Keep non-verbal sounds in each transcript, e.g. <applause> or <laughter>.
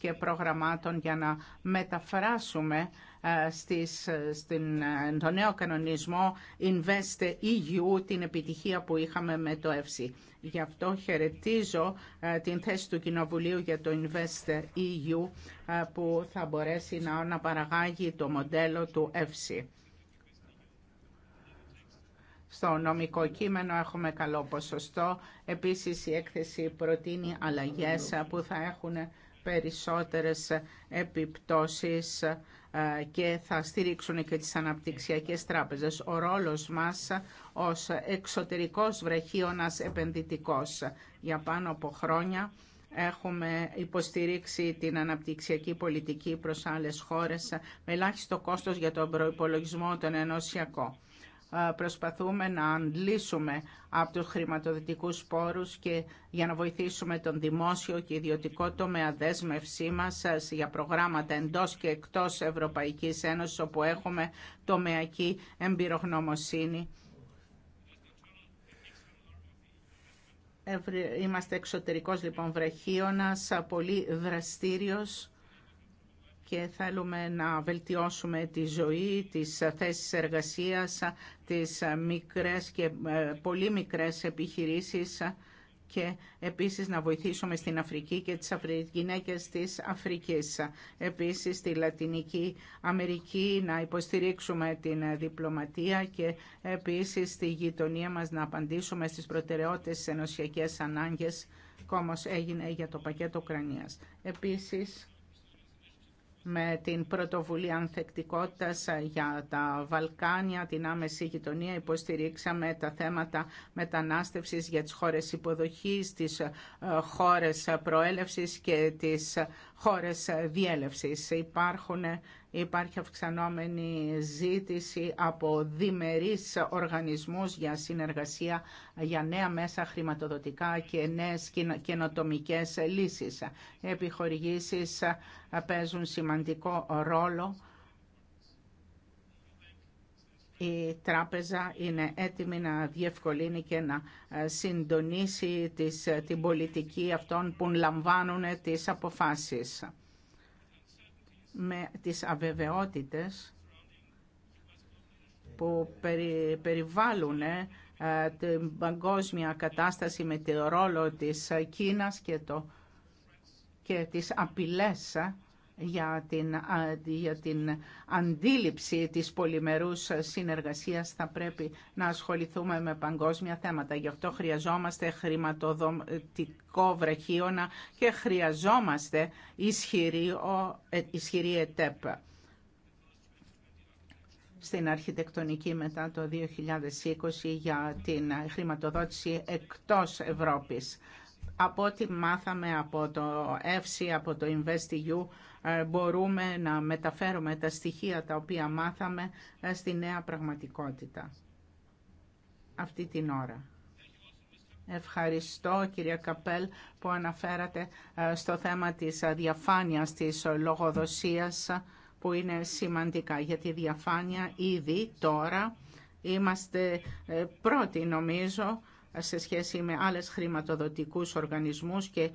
και προγραμμάτων για να μεταφράσουμε ε, στις, στην, ε, νέο κανονισμό Invest EU την επιτυχία που είχαμε με το ΕΦΣΥ. Γι' αυτό χαιρετίζω ε, την θέση του Κοινοβουλίου για το Invest EU που θα μπορέσει να, να παραγάγει το μοντέλο του ΕΦΣΥ. Στο νομικό κείμενο έχουμε καλό ποσοστό. Επίσης η έκθεση προτείνει αλλαγές που θα έχουν περισσότερες επιπτώσεις ε, και θα στηρίξουν και τις αναπτυξιακές τράπεζες. Ο ρόλος μας ως εξωτερικός βραχίωνας επενδυτικός για πάνω από χρόνια έχουμε υποστηρίξει την αναπτυξιακή πολιτική προς άλλες χώρες με ελάχιστο κόστος για τον προϋπολογισμό των ενωσιακών. Ε, προσπαθούμε να αντλήσουμε από τους χρηματοδοτικούς πόρους και για να βοηθήσουμε τον δημόσιο και ιδιωτικό τομέα δέσμευσή μας ε, για προγράμματα εντός και εκτός Ευρωπαϊκής Ένωσης όπου έχουμε τομεακή εμπειρογνωμοσύνη. Είμαστε εξωτερικός λοιπόν βραχίωνας, πολύ δραστήριος και θέλουμε να βελτιώσουμε τη ζωή, τις θέσεις εργασίας, τις μικρές και ε, πολύ μικρές επιχειρήσεις και επίσης να βοηθήσουμε στην Αφρική και τις γυναίκες της Αφρικής. Επίσης στη Λατινική Αμερική να υποστηρίξουμε την διπλωματία και επίσης στη γειτονία μας να απαντήσουμε στις προτεραιότητες της ενωσιακές ανάγκες, όπως έγινε για το πακέτο Ουκρανίας. Επίσης, με την πρωτοβουλία ανθεκτικότητας για τα Βαλκάνια, την άμεση γειτονία. Υποστηρίξαμε τα θέματα μετανάστευσης για τις χώρες υποδοχής, τις ε, χώρες προέλευσης και τις ε, χώρες διέλευσης. Υπάρχουν Υπάρχει αυξανόμενη ζήτηση από διμερείς οργανισμούς για συνεργασία για νέα μέσα χρηματοδοτικά και νέες καινοτομικέ λύσεις. Οι επιχορηγήσεις παίζουν σημαντικό ρόλο. Η τράπεζα είναι έτοιμη να διευκολύνει και να ε, συντονίσει την πολιτική αυτών που λαμβάνουν τις αποφάσεις με τις αβεβαιότητες που περι, περιβάλλουν ε, την παγκόσμια κατάσταση με τη ρόλο της Κίνας και, το, και τις απειλές ε, για την, για την αντίληψη της πολυμερούς συνεργασίας θα πρέπει να ασχοληθούμε με παγκόσμια θέματα. Γι' αυτό χρειαζόμαστε χρηματοδοτικό βραχίωνα και χρειαζόμαστε ισχυρή, ε, ισχυρή ΕΤΕΠ. Στην αρχιτεκτονική μετά το 2020 για την χρηματοδότηση εκτός Ευρώπης. Από ό,τι μάθαμε από το ΕΦΣΙ, από το InvestEU, ε, μπορούμε να μεταφέρουμε τα στοιχεία τα οποία μάθαμε ε, στη νέα πραγματικότητα αυτή την ώρα. Ευχαριστώ κυρία Καπέλ που αναφέρατε ε, στο θέμα της διαφάνειας της λογοδοσίας που είναι σημαντικά για τη διαφάνεια ήδη τώρα είμαστε πρώτοι νομίζω σε σχέση με άλλες χρηματοδοτικούς οργανισμούς και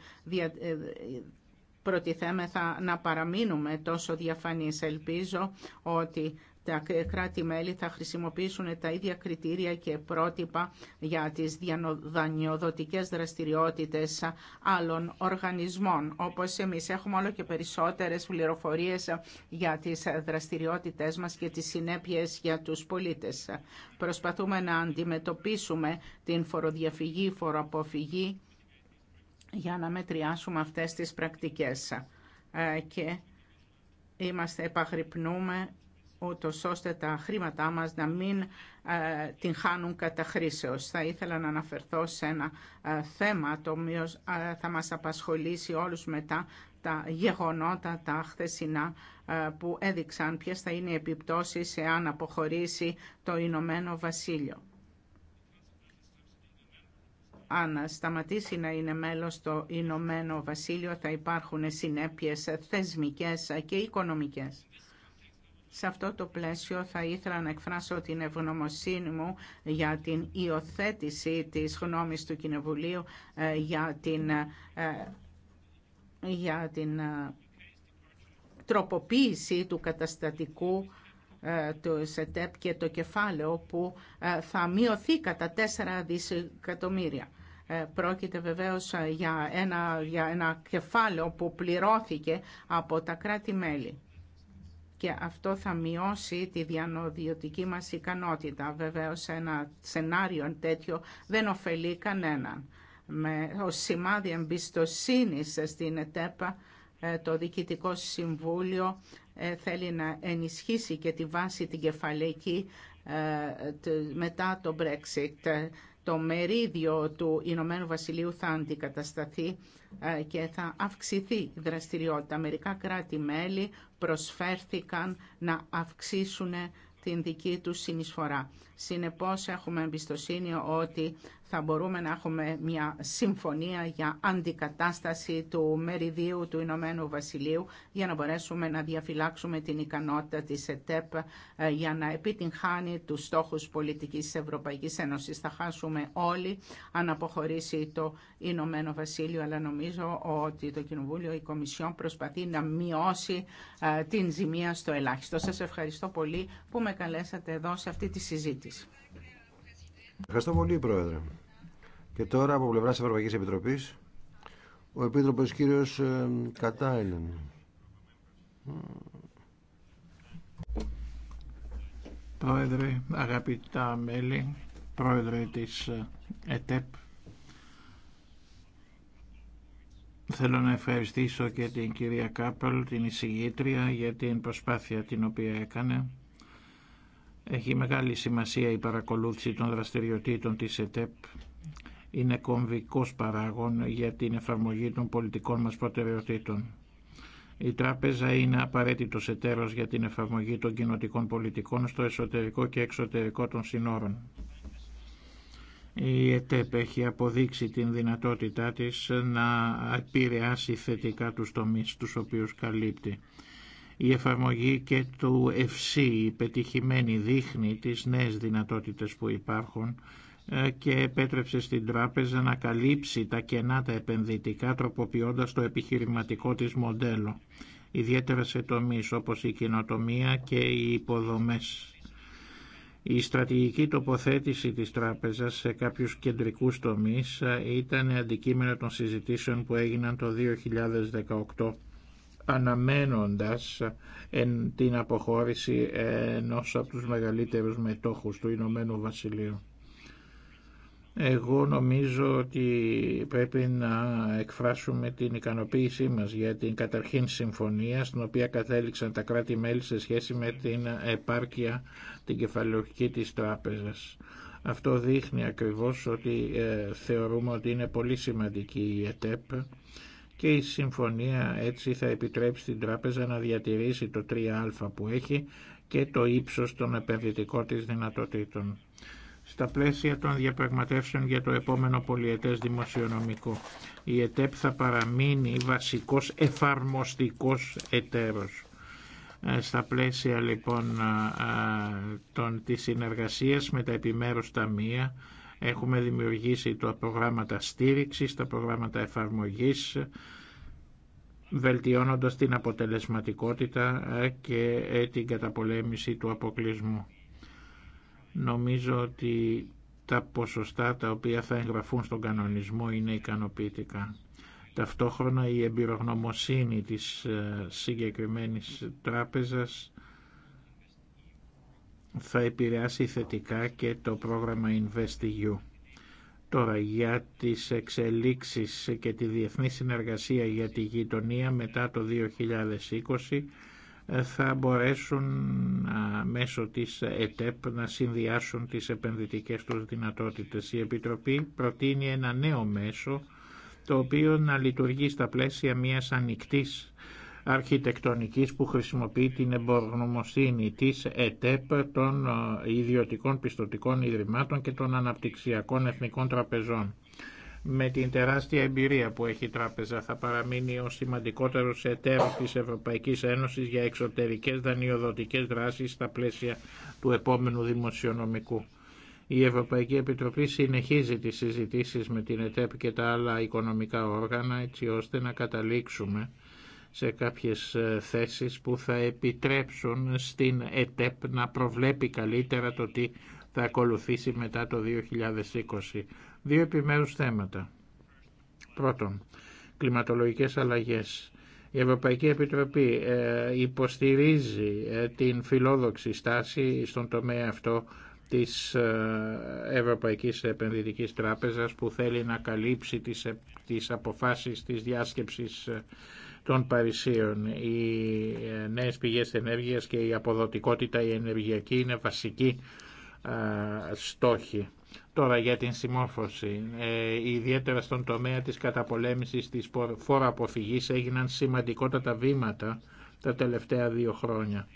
προτιθέμεθα να παραμείνουμε τόσο διαφανείς. Ελπίζω ότι τα κράτη-μέλη θα χρησιμοποιήσουν τα ίδια κριτήρια και πρότυπα για τις δανειοδοτικές δραστηριότητες άλλων οργανισμών. Όπως εμείς έχουμε όλο και περισσότερες πληροφορίες για τις δραστηριότητες μας και τις συνέπειες για τους πολίτες. Προσπαθούμε να αντιμετωπίσουμε την φοροδιαφυγή, φοροαποφυγή για να μετριάσουμε αυτές τις πρακτικές ε, και είμαστε επαγρυπνούμε ούτω ώστε τα χρήματά μας να μην ε, την χάνουν κατά χρήσεως. Θα ήθελα να αναφερθώ σε ένα ε, θέμα το οποίο θα μας απασχολήσει όλους μετά τα γεγονότα τα χθεσινά που έδειξαν ποιες θα είναι οι επιπτώσεις εάν αποχωρήσει το Ηνωμένο Βασίλειο αν σταματήσει να είναι μέλος το Ηνωμένο Βασίλειο θα υπάρχουν συνέπειες θεσμικές και οικονομικές. Σε αυτό το πλαίσιο θα ήθελα να εκφράσω την ευγνωμοσύνη μου για την υιοθέτηση της γνώμης του Κοινοβουλίου ε, για την, ε, για την ε, τροποποίηση του καταστατικού του ΣΕΤΕΠ και το κεφάλαιο που θα μειωθεί κατά 4 δισεκατομμύρια. Ε, πρόκειται βεβαίως ε, για ένα, κεφάλαιο που πληρώθηκε από τα κράτη-μέλη και αυτό θα μειώσει τη διανοδιωτική μας ικανότητα. Βεβαίως ένα σενάριο τέτοιο δεν ωφελεί κανέναν. Με, ω σημάδι εμπιστοσύνη στην ΕΤΕΠΑ ε, το Διοικητικό Συμβούλιο θέλει να ενισχύσει και τη βάση την κεφαλαϊκή μετά το Brexit το μερίδιο του Ηνωμένου Βασιλείου θα αντικατασταθεί ε, και θα αυξηθεί η δραστηριότητα. Μερικά κράτη-μέλη προσφέρθηκαν να αυξήσουν την δική τους συνεισφορά. Συνεπώς έχουμε εμπιστοσύνη ότι θα μπορούμε να έχουμε μια συμφωνία για αντικατάσταση του μεριδίου του Ηνωμένου Βασιλείου για να μπορέσουμε να διαφυλάξουμε την ικανότητα της ΕΤΕΠ ε, για να επιτυγχάνει τους στόχους πολιτικής της Ευρωπαϊκής Ένωσης. Θα χάσουμε όλοι αν αποχωρήσει το Ηνωμένο Βασίλειο, αλλά νομίζω ότι το Κοινοβούλιο, η Κομισιόν προσπαθεί να μειώσει ε, την ζημία στο ελάχιστο. Σας ευχαριστώ πολύ που με καλέσατε εδώ σε αυτή τη συζήτηση. Ευχαριστώ πολύ, Πρόεδρε. Και τώρα από πλευρά τη Ευρωπαϊκή Επιτροπή, ο Επίτροπο κύριο ε, Κατάινεν. Πρόεδρε, αγαπητά μέλη, πρόεδρε της ε, ΕΤΕΠ, Θέλω να ευχαριστήσω και την κυρία Κάπελ, την εισηγήτρια, για την προσπάθεια την οποία έκανε έχει μεγάλη σημασία η παρακολούθηση των δραστηριοτήτων της ΕΤΕΠ. Είναι κομβικός παράγων για την εφαρμογή των πολιτικών μας προτεραιοτήτων. Η τράπεζα είναι απαραίτητος εταίρος για την εφαρμογή των κοινοτικών πολιτικών στο εσωτερικό και εξωτερικό των συνόρων. Η ΕΤΕΠ έχει αποδείξει την δυνατότητά της να επηρεάσει θετικά τους τομείς τους οποίους καλύπτει. Η εφαρμογή και του FC, η πετυχημένη, δείχνει τις νέες δυνατότητες που υπάρχουν ε, και επέτρεψε στην τράπεζα να καλύψει τα κενά τα επενδυτικά τροποποιώντας το επιχειρηματικό της μοντέλο, ιδιαίτερα σε τομείς όπως η κοινοτομία και οι υποδομές. Η στρατηγική τοποθέτηση της τράπεζας σε κάποιους κεντρικούς τομείς ε, ήταν αντικείμενο των συζητήσεων που έγιναν το 2018 αναμένοντας εν, την αποχώρηση ενός από τους μεγαλύτερους μετόχους του Ηνωμένου Βασιλείου. Εγώ νομίζω ότι πρέπει να εκφράσουμε την ικανοποίησή μας για την καταρχήν συμφωνία στην οποία κατέληξαν τα κράτη-μέλη σε σχέση με την επάρκεια την κεφαλαιοχική της τράπεζας. Αυτό δείχνει ακριβώς ότι ε, θεωρούμε ότι είναι πολύ σημαντική η ΕΤΕΠ και η συμφωνία έτσι θα επιτρέψει την τράπεζα να διατηρήσει το 3α που έχει και το ύψος των επενδυτικών της δυνατοτήτων. Στα πλαίσια των διαπραγματεύσεων για το επόμενο πολιετές δημοσιονομικό, η ΕΤΕΠ θα παραμείνει βασικός εφαρμοστικός εταίρος. Ε, στα πλαίσια λοιπόν ε, ε, των, της συνεργασίας με τα επιμέρους ταμεία, Έχουμε δημιουργήσει τα προγράμματα στήριξης, τα προγράμματα εφαρμογής, βελτιώνοντας την αποτελεσματικότητα ε, και ε, την καταπολέμηση του αποκλεισμού. Νομίζω ότι τα ποσοστά τα οποία θα εγγραφούν στον κανονισμό είναι ικανοποιητικά. Ταυτόχρονα η εμπειρογνωμοσύνη της ε, συγκεκριμένης τράπεζας θα επηρεάσει θετικά και το πρόγραμμα InvestEU. Τώρα για τις εξελίξεις και τη διεθνή συνεργασία για τη γειτονία μετά το 2020 ε, θα μπορέσουν μέσω της ΕΤΕΠ να συνδυάσουν τις επενδυτικές τους δυνατότητες. Η Επιτροπή προτείνει ένα νέο μέσο το οποίο να λειτουργεί στα πλαίσια μιας ανοιχτής αρχιτεκτονικής που χρησιμοποιεί την εμπορνομοσύνη της ΕΤΕΠ των ε, ιδιωτικών πιστοτικών ιδρυμάτων και των αναπτυξιακών εθνικών τραπεζών. Με την τεράστια εμπειρία που έχει η τράπεζα θα παραμείνει ο σημαντικότερος εταίρο της Ευρωπαϊκής Ένωσης για εξωτερικές δανειοδοτικές δράσεις στα πλαίσια του επόμενου δημοσιονομικού. Η Ευρωπαϊκή Επιτροπή συνεχίζει τις συζητήσεις με την ΕΤΕΠ και τα άλλα οικονομικά όργανα έτσι ώστε να καταλήξουμε σε κάποιες ε, θέσεις που θα επιτρέψουν στην ΕΤΕΠ να προβλέπει καλύτερα το τι θα ακολουθήσει μετά το 2020. Δύο επιμέρους θέματα. Πρώτον, κλιματολογικές αλλαγές. Η Ευρωπαϊκή Επιτροπή ε, υποστηρίζει ε, την φιλόδοξη στάση στον τομέα αυτό της Ευρωπαϊκής Επενδυτικής Τράπεζας που θέλει να καλύψει τις αποφάσεις της διάσκεψης των Παρισίων. Οι ε, νέες πηγές ενέργειας και η αποδοτικότητα η ενεργειακή είναι βασική στόχη. Τώρα για την συμμόρφωση, ε, ιδιαίτερα στον τομέα της καταπολέμησης της φοροαποφυγής έγιναν σημαντικότατα βήματα τα τελευταία δύο χρόνια.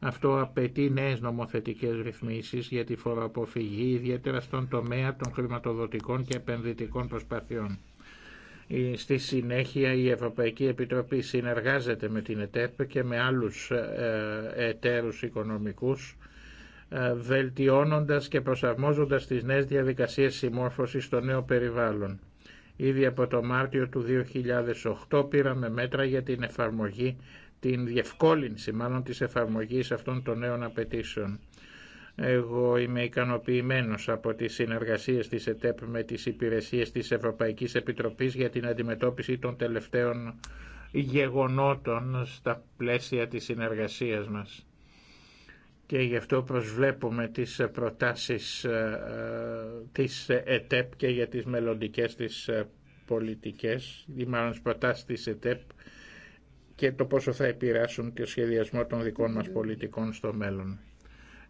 Αυτό απαιτεί νέες νομοθετικές ρυθμίσεις για τη φοροαποφυγή, ιδιαίτερα στον τομέα των χρηματοδοτικών και επενδυτικών προσπαθειών. Στη συνέχεια η Ευρωπαϊκή Επιτροπή συνεργάζεται με την ΕΤΕΠ και με άλλους ε, εταίρους οικονομικούς ε, βελτιώνοντας και προσαρμόζοντας τις νέες διαδικασίες συμμόρφωσης στο νέο περιβάλλον. Ήδη από το Μάρτιο του 2008 πήραμε μέτρα για την εφαρμογή, την διευκόλυνση μάλλον της εφαρμογής αυτών των νέων απαιτήσεων. Εγώ είμαι ικανοποιημένος από τις συνεργασίες της ΕΤΕΠ με τις υπηρεσίες της Ευρωπαϊκής Επιτροπής για την αντιμετώπιση των τελευταίων γεγονότων στα πλαίσια της συνεργασίας μας. Και γι' αυτό προσβλέπουμε τις προτάσεις ε, της ΕΤΕΠ και για τις μελλοντικές της ε, πολιτικές, ή μάλλον προτάσεις της ΕΤΕΠ και το πόσο θα επηρεάσουν και ο σχεδιασμό των δικών μας πολιτικών στο μέλλον.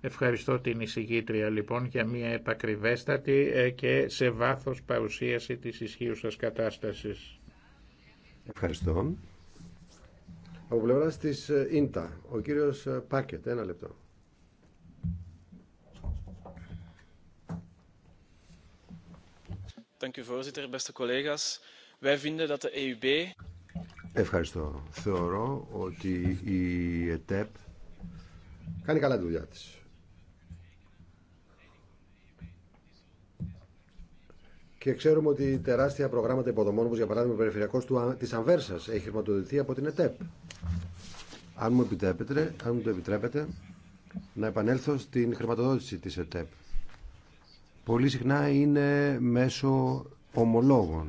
Ευχαριστώ την εισηγήτρια λοιπόν για μια επακριβέστατη ε, και σε βάθος παρουσίαση της ισχύουσας κατάστασης. Ευχαριστώ. Από πλευράς της ΙΝΤΑ, ε, ο κύριος ε, Πάκετ, ένα λεπτό. Ευχαριστώ. Θεωρώ ότι η ΕΤΕΠ e e κάνει καλά τη δουλειά της. Και ξέρουμε ότι τεράστια προγράμματα υποδομών, όπω για παράδειγμα ο περιφερειακό τη Ανβέρσα, έχει χρηματοδοτηθεί από την ΕΤΕΠ. Αν μου, επιτρέπετε, αν μου το επιτρέπετε, να επανέλθω στην χρηματοδότηση τη ΕΤΕΠ. Πολύ συχνά είναι μέσω ομολόγων,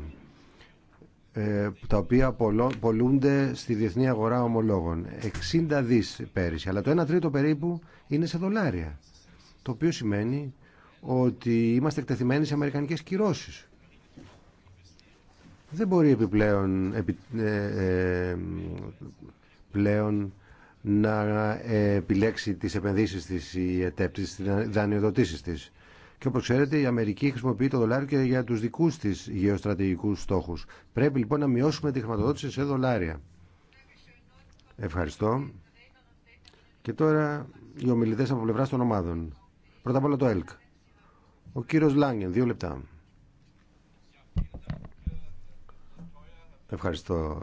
ε, τα οποία πολλούνται στη διεθνή αγορά ομολόγων. 60 δις πέρυσι, αλλά το 1 τρίτο περίπου είναι σε δολάρια. Το οποίο σημαίνει ότι είμαστε εκτεθειμένοι σε αμερικανικές κυρώσεις δεν μπορεί επιπλέον επι, ε, ε, πλέον να επιλέξει τις επενδύσεις της η ΕΤΕΠ, τις δανειοδοτήσεις της. Και όπως ξέρετε η Αμερική χρησιμοποιεί το δολάριο και για τους δικούς της γεωστρατηγικούς στόχους. Πρέπει λοιπόν να μειώσουμε τη χρηματοδότηση σε δολάρια. Ευχαριστώ. Και τώρα οι ομιλητές από πλευρά των ομάδων. Πρώτα απ' όλα το ΕΛΚ. Ο κύριος Λάγκεν, δύο λεπτά. Ευχαριστώ.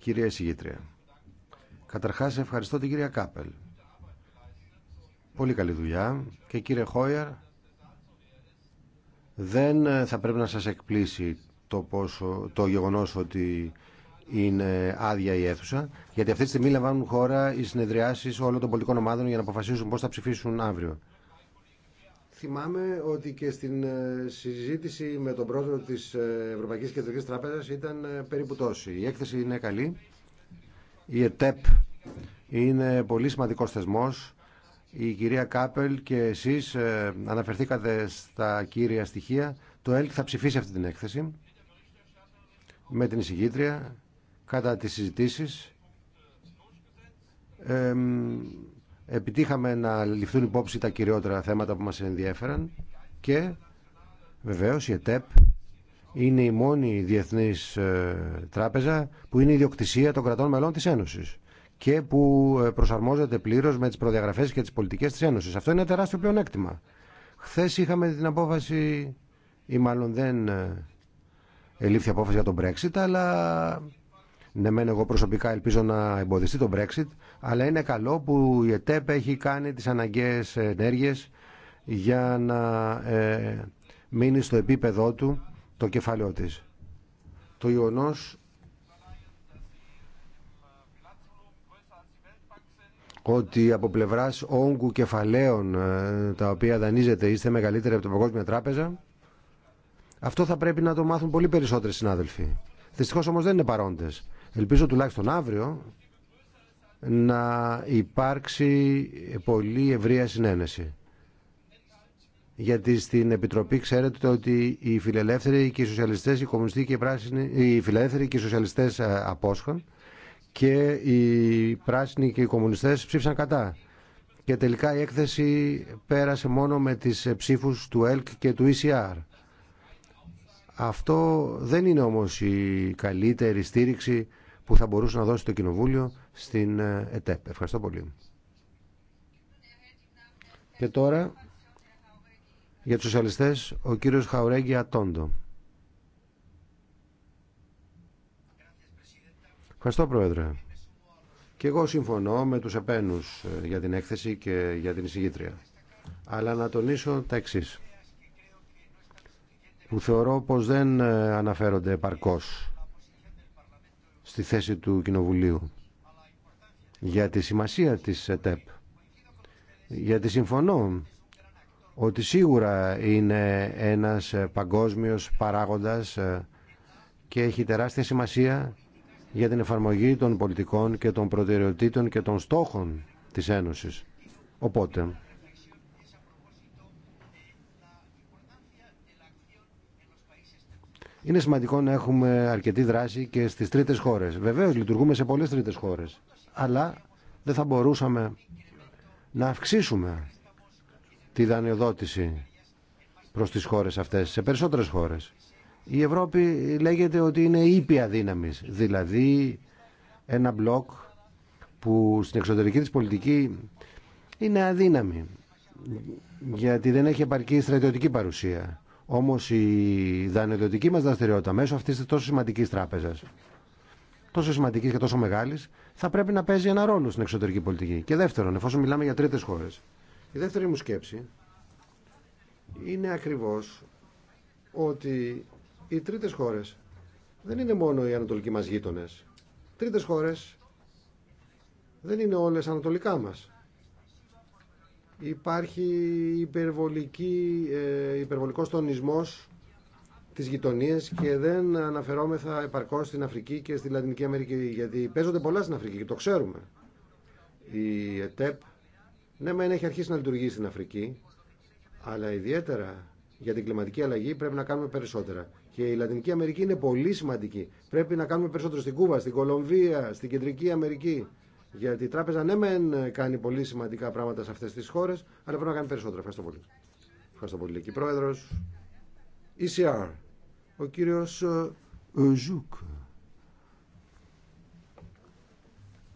Κυρία εισηγήτρια. Καταρχάς ευχαριστώ την κυρία Κάπελ. Πολύ καλή δουλειά. Και κύριε Χόιερ, δεν θα πρέπει να σας εκπλήσει το, πόσο, το γεγονός ότι είναι άδεια η αίθουσα, γιατί αυτή τη στιγμή λαμβάνουν χώρα οι συνεδριάσεις όλων των πολιτικών ομάδων για να αποφασίσουν πώς θα ψηφίσουν αύριο. Θυμάμαι ότι και στην ε, συζήτηση με τον πρόεδρο της ε, Ευρωπαϊκής Κεντρικής Τράπεζας ήταν ε, περίπου τόση. Η έκθεση είναι καλή. Η ΕΤΕΠ είναι πολύ σημαντικός θεσμός. Η κυρία Κάπελ και εσείς αναφερθήκατε στα κύρια στοιχεία. Το ΕΛΚ θα ψηφίσει αυτή την έκθεση με την εισηγήτρια κατά τις συζητήσεις επιτύχαμε να ληφθούν υπόψη τα κυριότερα θέματα που μας ενδιέφεραν και βεβαίως η ΕΤΕΠ είναι η μόνη διεθνής ε, τράπεζα που είναι η ιδιοκτησία των κρατών μελών της Ένωσης και που ε, προσαρμόζεται πλήρως με τις προδιαγραφές και τις πολιτικές της Ένωσης. Αυτό είναι ένα τεράστιο πλεονέκτημα. Χθε είχαμε την απόφαση, ή μάλλον δεν ε, ελήφθη απόφαση για τον Brexit, αλλά ναι, μεν εγώ προσωπικά ελπίζω να εμποδιστεί το Brexit, αλλά είναι καλό που η ΕΤΕΠ έχει κάνει τις αναγκαίες ενέργειες για να ε, μείνει στο επίπεδό του το κεφάλαιό της. Το γεγονό ότι από πλευράς όγκου κεφαλαίων ε, τα οποία δανείζεται είστε μεγαλύτεροι από την Παγκόσμια Τράπεζα, αυτό θα πρέπει να το μάθουν πολύ περισσότεροι συνάδελφοι. Δυστυχώ όμω δεν είναι παρόντε. Ελπίζω τουλάχιστον αύριο να υπάρξει πολύ ευρεία συνένεση. Γιατί στην Επιτροπή ξέρετε ότι οι φιλελεύθεροι και οι σοσιαλιστές, οι κομμουνιστοί και οι πράσινοι, οι φιλελεύθεροι και οι σοσιαλιστές ε, απόσχαν και οι πράσινοι και οι κομμουνιστές ψήφισαν κατά. Και τελικά η έκθεση πέρασε μόνο με τις ψήφους του ΕΛΚ και του ECR. Αυτό δεν είναι όμως η καλύτερη στήριξη που θα μπορούσε να δώσει το Κοινοβούλιο στην ε, ΕΤΕΠ. Ευχαριστώ πολύ. Και τώρα για τους σοσιαλιστές ο κύριος Χαουρέγγι Ατόντο. Ευχαριστώ Πρόεδρε. Και εγώ συμφωνώ με τους επένους ε, για την έκθεση και για την εισηγήτρια. Αλλά να τονίσω τα εξή που θεωρώ πως δεν ε, αναφέρονται επαρκώς στη θέση του Κοινοβουλίου για τη σημασία της ΕΤΕΠ. Γιατί συμφωνώ ότι σίγουρα είναι ένας παγκόσμιος παράγοντας και έχει τεράστια σημασία για την εφαρμογή των πολιτικών και των προτεραιοτήτων και των στόχων της Ένωσης. Οπότε, Είναι σημαντικό να έχουμε αρκετή δράση και στις τρίτες χώρες. Βεβαίως λειτουργούμε σε πολλές τρίτες χώρες, αλλά δεν θα μπορούσαμε να αυξήσουμε τη δανειοδότηση προς τις χώρες αυτές, σε περισσότερες χώρες. Η Ευρώπη λέγεται ότι είναι ήπια δύναμη, δηλαδή ένα μπλοκ που στην εξωτερική της πολιτική είναι αδύναμη, γιατί δεν έχει επαρκή στρατιωτική παρουσία. Όμω η δανειοδοτική μας δραστηριότητα μέσω αυτής τη τόσο σημαντικής τράπεζας, τόσο σημαντική και τόσο μεγάλη, θα πρέπει να παίζει ένα ρόλο στην εξωτερική πολιτική. Και δεύτερον, εφόσον μιλάμε για τρίτες χώρες, η δεύτερη μου σκέψη είναι ακριβώς ότι οι τρίτες χώρες δεν είναι μόνο οι ανατολικοί μας γείτονες. Τρίτες χώρε δεν είναι όλε ανατολικά μας. Υπάρχει υπερβολική, ε, υπερβολικός τονισμός τις γειτονίες και δεν αναφερόμεθα επαρκώς στην Αφρική και στη Λατινική Αμερική γιατί παίζονται πολλά στην Αφρική και το ξέρουμε. Η ΕΤΕΠ ναι μεν έχει αρχίσει να λειτουργεί στην Αφρική αλλά ιδιαίτερα για την κλιματική αλλαγή πρέπει να κάνουμε περισσότερα. Και η Λατινική Αμερική είναι πολύ σημαντική. Πρέπει να κάνουμε περισσότερο στην Κούβα, στην Κολομβία, στην Κεντρική Αμερική. Γιατί η τράπεζα ναι, μεν κάνει πολύ σημαντικά πράγματα σε αυτές τις χώρες, αλλά πρέπει να κάνει περισσότερα. Ευχαριστώ πολύ. Ευχαριστώ πολύ, πρόεδρος, ECR. Ο κύριος ε, ε, Ζουκ.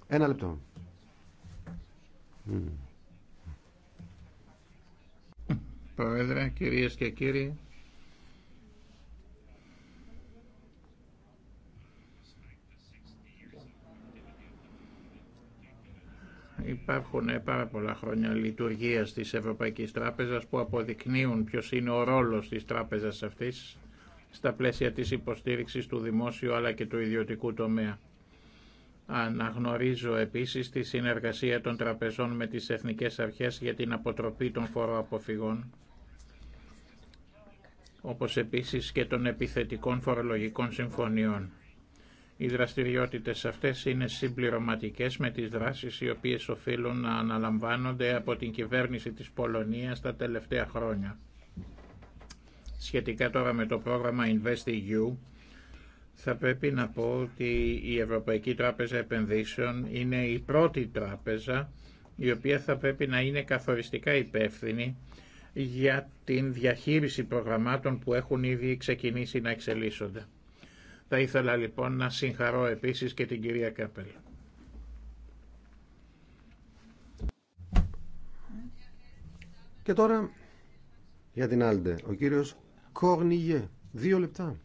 Ένα λεπτό. Πρόεδρε, κυρίες και κύριοι, Υπάρχουν πάρα πολλά χρόνια λειτουργίας της Ευρωπαϊκής Τράπεζας που αποδεικνύουν ποιος είναι ο ρόλος της τράπεζας αυτής στα πλαίσια της υποστήριξης του δημόσιου αλλά και του ιδιωτικού τομέα. Αναγνωρίζω επίσης τη συνεργασία των τραπεζών με τις εθνικές αρχές για την αποτροπή των φοροαποφυγών, όπως επίσης και των επιθετικών φορολογικών συμφωνιών. Οι δραστηριότητες αυτές είναι συμπληρωματικές με τις δράσεις οι οποίες οφείλουν να αναλαμβάνονται από την κυβέρνηση της Πολωνίας τα τελευταία χρόνια. Σχετικά τώρα με το πρόγραμμα InvestEU, θα πρέπει να πω ότι η Ευρωπαϊκή Τράπεζα Επενδύσεων είναι η πρώτη τράπεζα η οποία θα πρέπει να είναι καθοριστικά υπεύθυνη για την διαχείριση προγραμμάτων που έχουν ήδη ξεκινήσει να εξελίσσονται. Θα ήθελα λοιπόν να συγχαρώ επίσης και την κυρία Κάπελ. Και τώρα για την Άλντε, ο κύριος Κόρνιγε. Δύο λεπτά.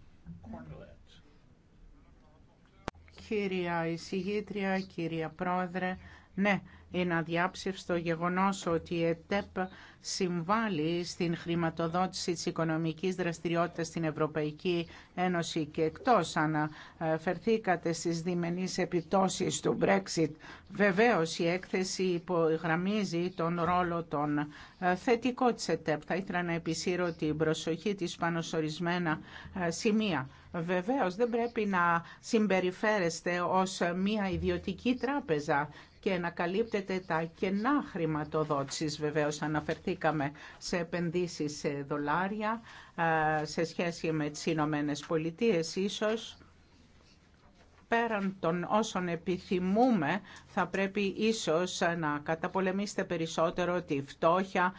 Κυρία εισηγήτρια, κυρία πρόεδρε, ναι, είναι αδιάψευστο γεγονός ότι η ΕΤΕΠ συμβάλλει στην χρηματοδότηση της οικονομικής δραστηριότητας στην Ευρωπαϊκή Ένωση και εκτός αναφερθήκατε στις διμενείς επιπτώσεις του Brexit. Βεβαίως η έκθεση υπογραμμίζει τον ρόλο των ε, θετικών της ΕΤΕΠ. Θα ήθελα να επισύρω την προσοχή της πάνω ε, σημεία. Βεβαίως δεν πρέπει να συμπεριφέρεστε ως μια ιδιωτική τράπεζα και να καλύπτεται τα κενά χρηματοδότησης. Βεβαίως αναφερθήκαμε σε επενδύσεις σε δολάρια σε σχέση με τις Ηνωμένε Πολιτείε ίσως πέραν των όσων επιθυμούμε, θα πρέπει ίσως να καταπολεμήσετε περισσότερο τη φτώχεια,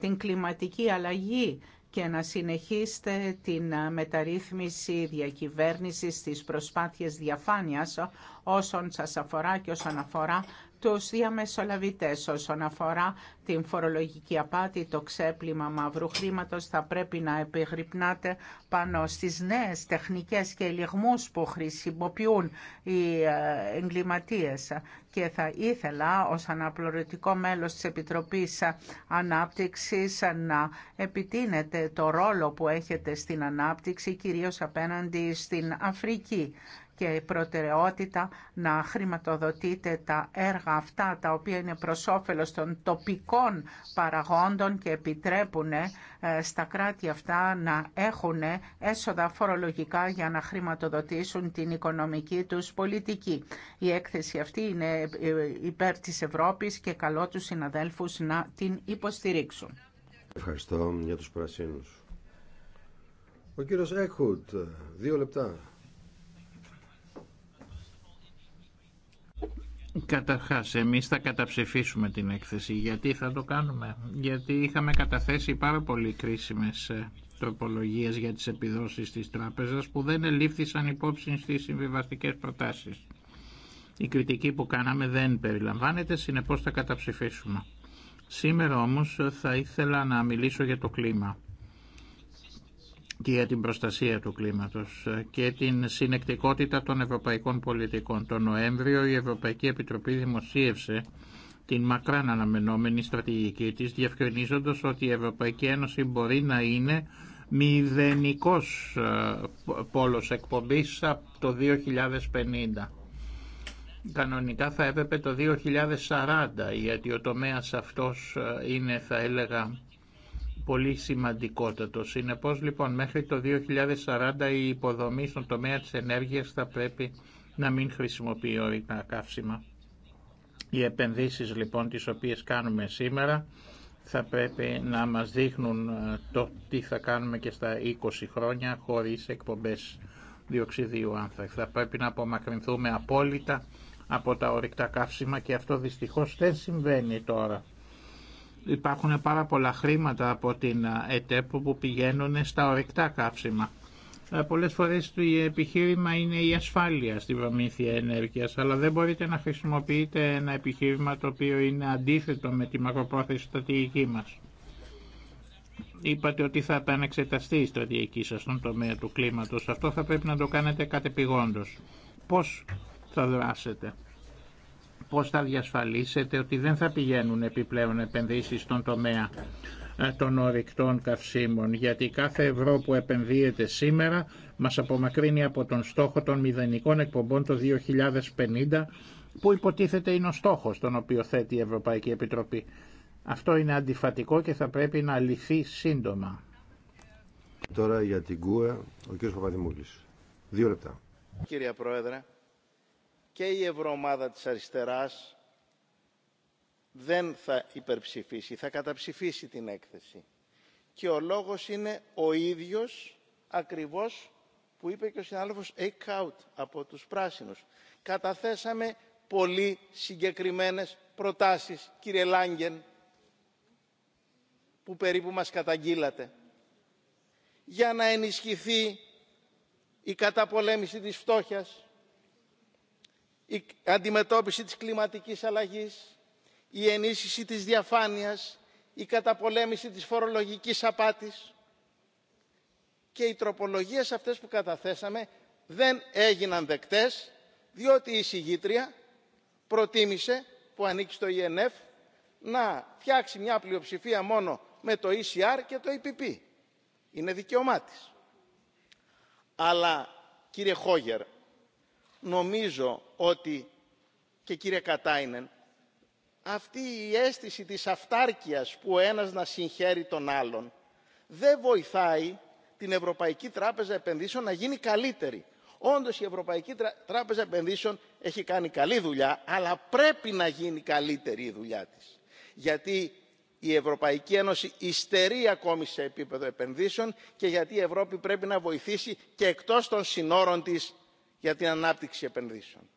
την κλιματική αλλαγή και να συνεχίσετε την μεταρρύθμιση διακυβέρνησης στις προσπάθειες διαφάνειας όσον σας αφορά και όσον αφορά τους διαμεσολαβητές όσον αφορά την φορολογική απάτη, το ξέπλυμα μαύρου χρήματος θα πρέπει να επιγρυπνάτε πάνω στις νέες τεχνικές και λιγμούς που χρησιμοποιούν οι ε, εγκληματίες και θα ήθελα ως αναπληρωτικό μέλος της Επιτροπής Ανάπτυξης να επιτείνετε το ρόλο που έχετε στην ανάπτυξη κυρίως απέναντι στην Αφρική και η προτεραιότητα να χρηματοδοτείτε τα έργα αυτά τα οποία είναι προς όφελος των τοπικών παραγόντων και επιτρέπουν ε, στα κράτη αυτά να έχουν έσοδα φορολογικά για να χρηματοδοτήσουν την οικονομική τους πολιτική. Η έκθεση αυτή είναι ε, υπέρ της Ευρώπης και καλό τους συναδέλφους να την υποστηρίξουν. Ευχαριστώ για τους πρασίνους. Ο κύριος Έχουτ, δύο λεπτά. Καταρχάς, εμείς θα καταψηφίσουμε την έκθεση. Γιατί θα το κάνουμε. Γιατί είχαμε καταθέσει πάρα πολύ κρίσιμες ε, τροπολογίες για τις επιδόσεις της τράπεζας που δεν ελήφθησαν υπόψη στις συμβιβαστικές προτάσεις. Η κριτική που κάναμε δεν περιλαμβάνεται, συνεπώς θα καταψηφίσουμε. Σήμερα όμως θα ήθελα να μιλήσω για το κλίμα και για την προστασία του κλίματος και την συνεκτικότητα των ευρωπαϊκών πολιτικών. Το Νοέμβριο η Ευρωπαϊκή Επιτροπή δημοσίευσε την μακράν αναμενόμενη στρατηγική της, διευκρινίζοντας ότι η Ευρωπαϊκή Ένωση μπορεί να είναι μηδενικός ε, πόλος εκπομπής από το 2050. Κανονικά θα έπρεπε το 2040, γιατί ο τομέας αυτός ε, είναι, θα έλεγα, πολύ σημαντικότατο. Συνεπώς λοιπόν μέχρι το 2040 η υποδομή στον τομέα της ενέργειας θα πρέπει να μην χρησιμοποιεί ορυκτά καύσιμα. Οι επενδύσεις λοιπόν τις οποίες κάνουμε σήμερα θα πρέπει να μας δείχνουν ε, το τι θα κάνουμε και στα 20 χρόνια χωρίς εκπομπές διοξιδίου άνθρακα. Θα πρέπει να απομακρυνθούμε απόλυτα από τα ορυκτά καύσιμα και αυτό δυστυχώς δεν συμβαίνει τώρα υπάρχουν πάρα πολλά χρήματα από την ε, ΕΤΕΠ που πηγαίνουν στα ορεικτά καύσιμα. Ε, πολλές φορές το επιχείρημα είναι η ασφάλεια στη προμήθεια ενέργειας, αλλά δεν μπορείτε να χρησιμοποιείτε ένα επιχείρημα το οποίο είναι αντίθετο με τη μακροπρόθεση στρατηγική μας. Είπατε ότι θα επανεξεταστεί η στρατηγική σας στον τομέα του κλίματος. Αυτό θα πρέπει να το κάνετε κατεπηγόντως. Πώς θα δράσετε πώς θα διασφαλίσετε ότι δεν θα πηγαίνουν επιπλέον επενδύσεις στον τομέα ε, των ορυκτών καυσίμων, γιατί κάθε ευρώ που επενδύεται σήμερα μας απομακρύνει από τον στόχο των μηδενικών εκπομπών το 2050, που υποτίθεται είναι ο στόχος τον οποίο θέτει η Ευρωπαϊκή Επιτροπή. Αυτό είναι αντιφατικό και θα πρέπει να λυθεί σύντομα. Τώρα για την ΚΟΕ, ο κ. Παπαδημούλης. Δύο λεπτά. Κύριε Πρόεδρε, και η ευρωομάδα της αριστεράς δεν θα υπερψηφίσει, θα καταψηφίσει την έκθεση. Και ο λόγος είναι ο ίδιος ακριβώς που είπε και ο συνάδελφος Eichhout από τους Πράσινους. Καταθέσαμε πολύ συγκεκριμένες προτάσεις, κύριε Λάγκεν, που περίπου μας καταγγείλατε, για να ενισχυθεί η καταπολέμηση της φτώχειας, η αντιμετώπιση της κλιματικής αλλαγής η ενίσχυση της διαφάνειας η καταπολέμηση της φορολογικής απάτης και οι τροπολογίες αυτές που καταθέσαμε δεν έγιναν δεκτές διότι η συγγήτρια προτίμησε που ανήκει στο ΙΕΝΕΦ να φτιάξει μια πλειοψηφία μόνο με το ECR και το EPP. Είναι δικαιωμά Αλλά κύριε Χόγερ, νομίζω ότι και κύριε Κατάινεν αυτή η αίσθηση της αυτάρκειας που ο ένας να συγχαίρει τον άλλον δεν βοηθάει την Ευρωπαϊκή Τράπεζα Επενδύσεων να γίνει καλύτερη. Όντως η Ευρωπαϊκή Τράπεζα Επενδύσεων έχει κάνει καλή δουλειά, αλλά πρέπει να γίνει καλύτερη η δουλειά της. Γιατί η Ευρωπαϊκή Ένωση υστερεί ακόμη σε επίπεδο επενδύσεων και γιατί η Ευρώπη πρέπει να βοηθήσει και εκτός των συνόρων της για την ανάπτυξη επενδύσεων.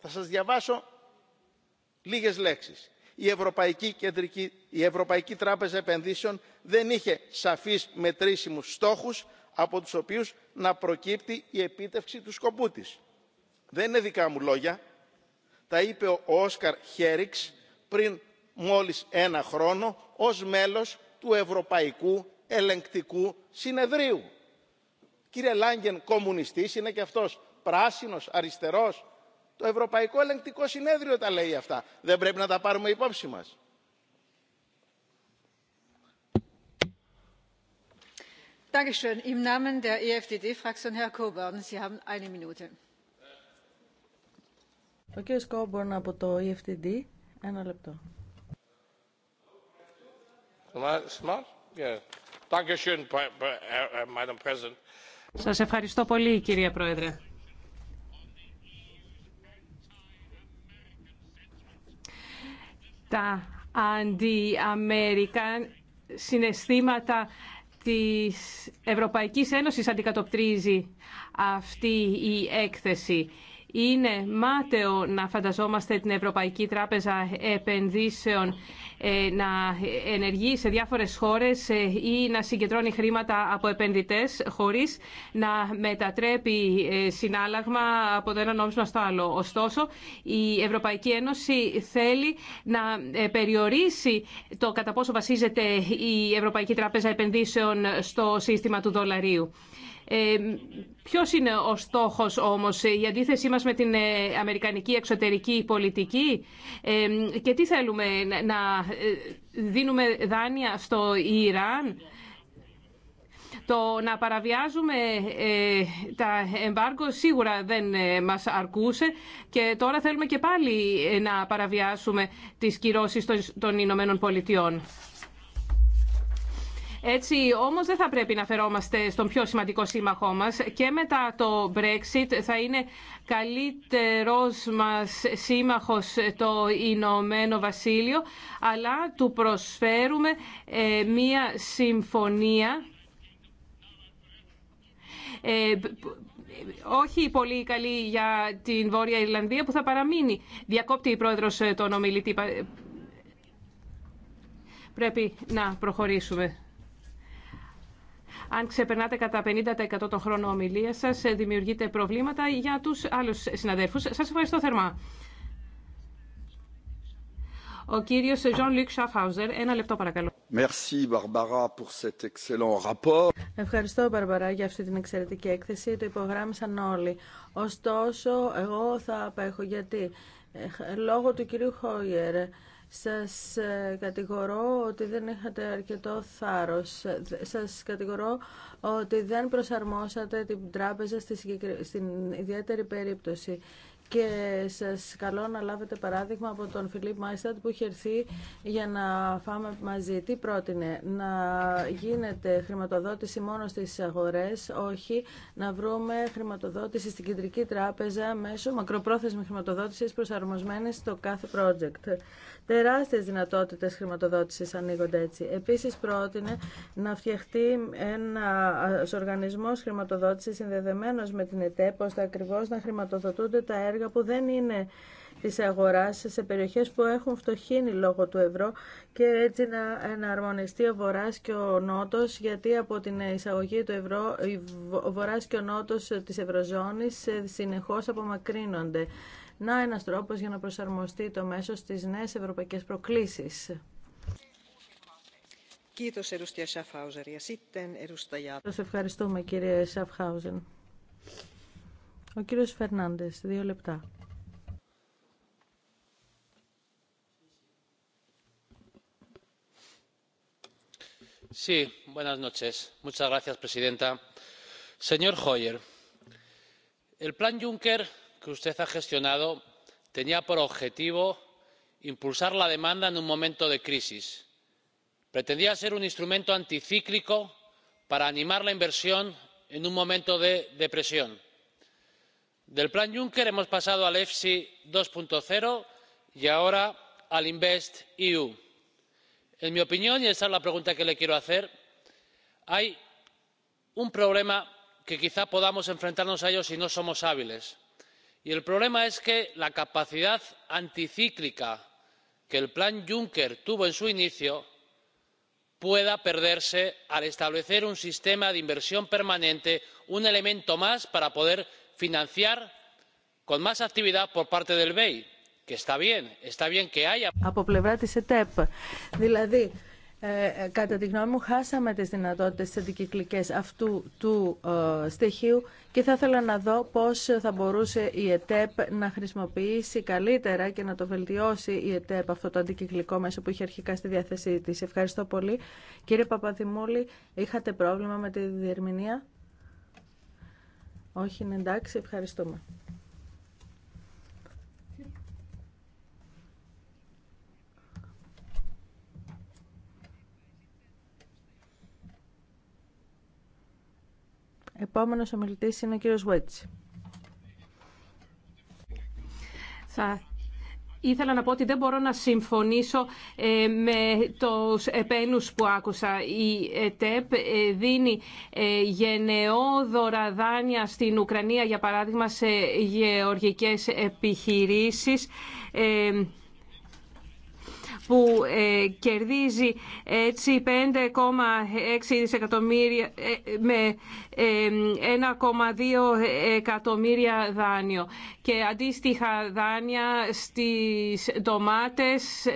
Θα σας διαβάσω λίγες λέξεις. Η Ευρωπαϊκή, Κεντρική, η Ευρωπαϊκή Τράπεζα Επενδύσεων δεν είχε σαφείς μετρήσιμους στόχους από τους οποίους να προκύπτει η επίτευξη του σκοπού της. Δεν είναι δικά μου λόγια. Τα είπε ο Όσκαρ Χέριξ πριν μόλις ένα χρόνο ως μέλος του Ευρωπαϊκού Ελεγκτικού Συνεδρίου. Κύριε Λάγκεν, κομμουνιστής είναι και αυτός, πράσινος, αριστερός. Το Ευρωπαϊκό Ελεγκτικό Συνέδριο τα λέει αυτά. Δεν πρέπει να τα πάρουμε υπόψη μας. Ο κ. Κόμπορν από το e ένα λεπτό. Σας ευχαριστώ πολύ κυρία Πρόεδρε. Τα αντιαμερικά συναισθήματα της Ευρωπαϊκής Ένωσης αντικατοπτρίζει αυτή η έκθεση. Είναι μάταιο να φανταζόμαστε την Ευρωπαϊκή Τράπεζα Επενδύσεων ε, να ενεργεί σε διάφορες χώρες ε, ή να συγκεντρώνει χρήματα από επενδυτές χωρίς να μετατρέπει ε, συνάλλαγμα από το ένα νόμισμα στο άλλο. Ωστόσο, η Ευρωπαϊκή Ένωση θέλει να περιορίσει το κατά πόσο βασίζεται η Ευρωπαϊκή Τράπεζα Επενδύσεων στο σύστημα του δολαρίου. Ε, ποιος είναι ο στόχος όμως, ε, η αντίθεσή μας με την ε, αμερικανική εξωτερική πολιτική και τι θέλουμε να δίνουμε δάνεια στο Ιράν. Το να παραβιάζουμε τα εμπάργκο σίγουρα δεν μας αρκούσε και τώρα θέλουμε και πάλι να παραβιάσουμε τις κυρώσεις των, των Ηνωμένων Πολιτειών. Έτσι όμως δεν θα πρέπει να φερόμαστε στον πιο σημαντικό σύμμαχό μας και μετά το Brexit θα είναι καλύτερο μας σύμμαχος το Ηνωμένο Βασίλειο αλλά του προσφέρουμε ε, μία συμφωνία ε, όχι πολύ καλή για την Βόρεια Ιρλανδία που θα παραμείνει. Διακόπτει η πρόεδρος ε, τον ομιλητή. Πρέπει να προχωρήσουμε. Αν ξεπερνάτε κατά 50% τον χρόνο ομιλία σας, ε, δημιουργείτε προβλήματα για τους άλλους συναδέρφους. Σας ευχαριστώ θερμά. Ο κύριος Jean-Luc Schaffhauser, ένα λεπτό παρακαλώ. Merci, Barbara, pour cet excellent rapport. Ευχαριστώ, Μπαρμπαρά, για αυτή την εξαιρετική έκθεση. Το υπογράμμισαν όλοι. Ωστόσο, εγώ θα απέχω γιατί ε, λόγω του κυρίου Χόιερ σας ε, κατηγορώ ότι δεν είχατε αρκετό θάρρος. Σας κατηγορώ ότι δεν προσαρμόσατε την τράπεζα στην ιδιαίτερη περίπτωση και σας καλώ να λάβετε παράδειγμα από τον Φιλίπ Μάιστατ που είχε έρθει για να φάμε μαζί. Τι πρότεινε, να γίνεται χρηματοδότηση μόνο στις αγορές, όχι να βρούμε χρηματοδότηση στην Κεντρική Τράπεζα μέσω μακροπρόθεσμη χρηματοδότησης προσαρμοσμένη στο κάθε project. Τεράστιες δυνατότητες χρηματοδότησης ανοίγονται έτσι. Επίσης πρότεινε να φτιαχτεί ένα οργανισμός χρηματοδότησης συνδεδεμένος με την ΕΤΕΠ, ώστε ακριβώς να χρηματοδοτούνται τα έργα που δεν είναι της αγοράς σε περιοχές που έχουν φτωχύνει λόγω του ευρώ και έτσι να εναρμονιστεί ο βοράς και ο Νότος γιατί από την εισαγωγή του ευρώ ο Βορράς και ο Νότος της Ευρωζώνης ε, συνεχώς απομακρύνονται. Να ένας τρόπος για να προσαρμοστεί το μέσο στις νέες ευρωπαϊκές προκλήσεις. Σας ευχαριστούμε κύριε Σαφχάουζεν. Ο κύριος Φερνάντες, δύο λεπτά. Sí, buenas noches. Muchas gracias, presidenta señor hoyer el plan juncker que usted ha gestionado tenía por objetivo impulsar la demanda en un momento de crisis pretendía ser un instrumento anticíclico para animar la inversión en un momento de depresión. del plan juncker hemos pasado al efsi dos y ahora al investeu. en mi opinión y esta es la pregunta que le quiero hacer hay un problema que quizá podamos enfrentarnos a si no somos hábiles y el problema es que la capacidad anticíclica que el plan juncker tuvo en su inicio pueda perderse al establecer un sistema de inversión permanente un elemento más para poder financiar con más actividad por parte del bei que está bien está bien que haya. Ε, ε, κατά τη γνώμη μου, χάσαμε τις δυνατότητες τις αντικυκλικές αυτού του ε, στοιχείου και θα ήθελα να δω πώς θα μπορούσε η ΕΤΕΠ να χρησιμοποιήσει καλύτερα και να το βελτιώσει η ΕΤΕΠ αυτό το αντικυκλικό μέσο που είχε αρχικά στη διάθεσή της. Ευχαριστώ πολύ. Κύριε Παπαδημούλη, είχατε πρόβλημα με τη διερμηνία? Όχι, εντάξει, ευχαριστούμε. Επόμενος ομιλητής είναι ο κύριος Βέτς. Θα ήθελα να πω ότι δεν μπορώ να συμφωνήσω ε, με τους επένους που άκουσα. Η ΕΤΕΠ ε, δίνει ε, γενναιόδωρα δάνεια στην Ουκρανία, για παράδειγμα, σε γεωργικές επιχειρήσεις που ε, κερδίζει έτσι 5,6 δισεκατομμύρια ε, με 1,2 ε, εκατομμύρια δάνειο. Και αντίστοιχα δάνεια στις ντομάτες,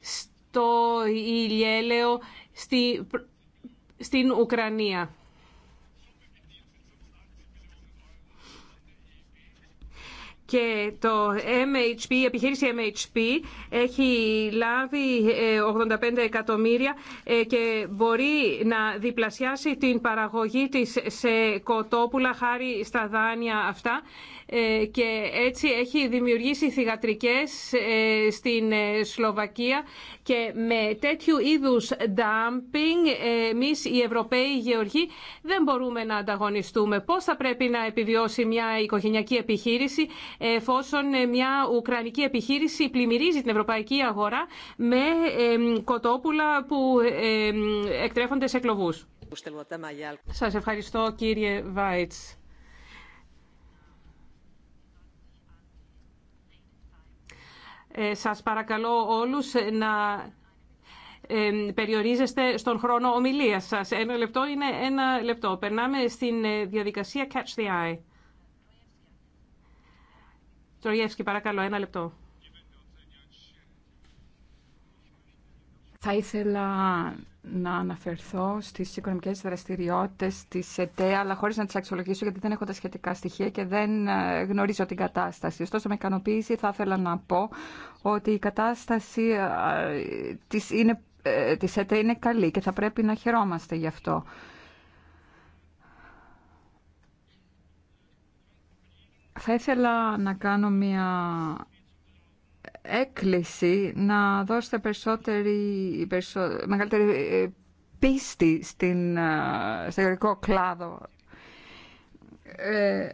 στο ηλιέλαιο, στην Ουκρανία. και το MHP, η επιχείρηση MHP έχει λάβει 85 ε, εκατομμύρια ε, και μπορεί να διπλασιάσει την παραγωγή της σε κοτόπουλα χάρη στα δάνεια αυτά ε, και έτσι έχει δημιουργήσει θυγατρικές ε, στην ε, Σλοβακία και με τέτοιου είδους dumping εμείς οι Ευρωπαίοι γεωργοί δεν μπορούμε να ανταγωνιστούμε. Πώς θα πρέπει να επιβιώσει μια οικογενειακή επιχείρηση εφόσον μια ουκρανική επιχείρηση πλημμυρίζει την ευρωπαϊκή αγορά με κοτόπουλα που εκτρέφονται σε κλοβούς. Σας ευχαριστώ κύριε Βάιτς. Ε, σας παρακαλώ όλους να ε, περιορίζεστε στον χρόνο ομιλίας σας. Ένα λεπτό είναι ένα λεπτό. Περνάμε στην ε, διαδικασία Catch the Eye. Τρογεύσκη, παρακαλώ, ένα λεπτό. Θα ήθελα να αναφερθώ στις οικονομικέ δραστηριότητες τη ΕΤΕ, αλλά χωρίς να τι αξιολογήσω γιατί δεν έχω τα σχετικά στοιχεία και δεν ε, γνωρίζω την κατάσταση. Ωστόσο, με ικανοποίηση θα ήθελα να πω ότι η κατάσταση ε, της, είναι, ε, της ΕΤΕ είναι καλή και θα πρέπει να χαιρόμαστε γι' αυτό. Θα ήθελα να κάνω μια έκκληση να δώσετε περισσότερη, μεγαλύτερη ε, πίστη στην, ε, στο κλάδο. Ε,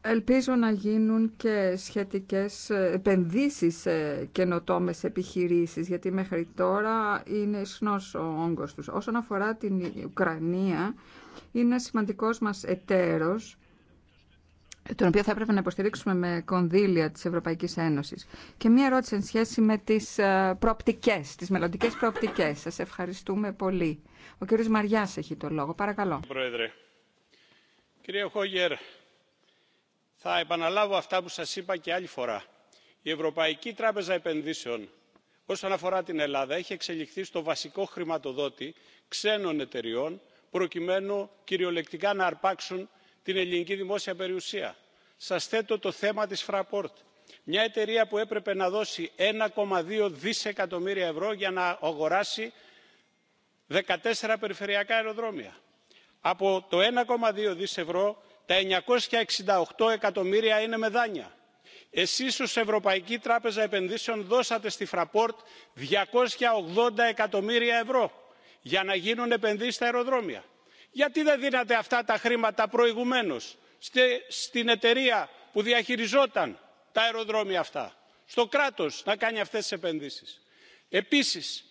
ελπίζω να γίνουν και σχετικές επενδύσεις σε καινοτόμες επιχειρήσεις, γιατί μέχρι τώρα είναι ισχνός ο όγκος τους. Όσον αφορά την Ουκρανία, είναι σημαντικός μας εταίρος τον οποίο θα έπρεπε να υποστηρίξουμε με κονδύλια της Ευρωπαϊκής Ένωσης. Και μία ερώτηση εν σχέση με τις ε, προοπτικές, τις μελλοντικές προοπτικές. Σας ευχαριστούμε πολύ. Ο κύριος Μαριάς έχει το λόγο. Παρακαλώ. Πρόεδρε, κύριε Χόγερ, θα επαναλάβω αυτά που σας είπα και άλλη φορά. Η Ευρωπαϊκή Τράπεζα Επενδύσεων όσον αφορά την Ελλάδα έχει εξελιχθεί στο βασικό χρηματοδότη ξένων εταιριών προκειμένου κυριολεκτικά να αρπάξουν την ελληνική δημόσια περιουσία. σας θέτω το θέμα της fraport μια εταιρεία που έπρεπε να δώσει 1,2 δισεκατομμύρια ευρώ για να αγοράσει 14 περιφερειακά αεροδρόμια. από το 1,2 δις ευρώ τα 968 εκατομμύρια είναι με δάνεια. εσείς ως ευρωπαϊκή τράπεζα επενδύσεων δώσατε στη fraport 280 εκατομμύρια ευρώ για να γίνουν επενδύσεις στα αεροδρόμια γιατί δεν δίνατε αυτά τα χρήματα προηγουμένως στην εταιρεία που διαχειριζόταν τα αεροδρόμια αυτά στο κράτος να κάνει αυτές τις επενδύσεις. επίσης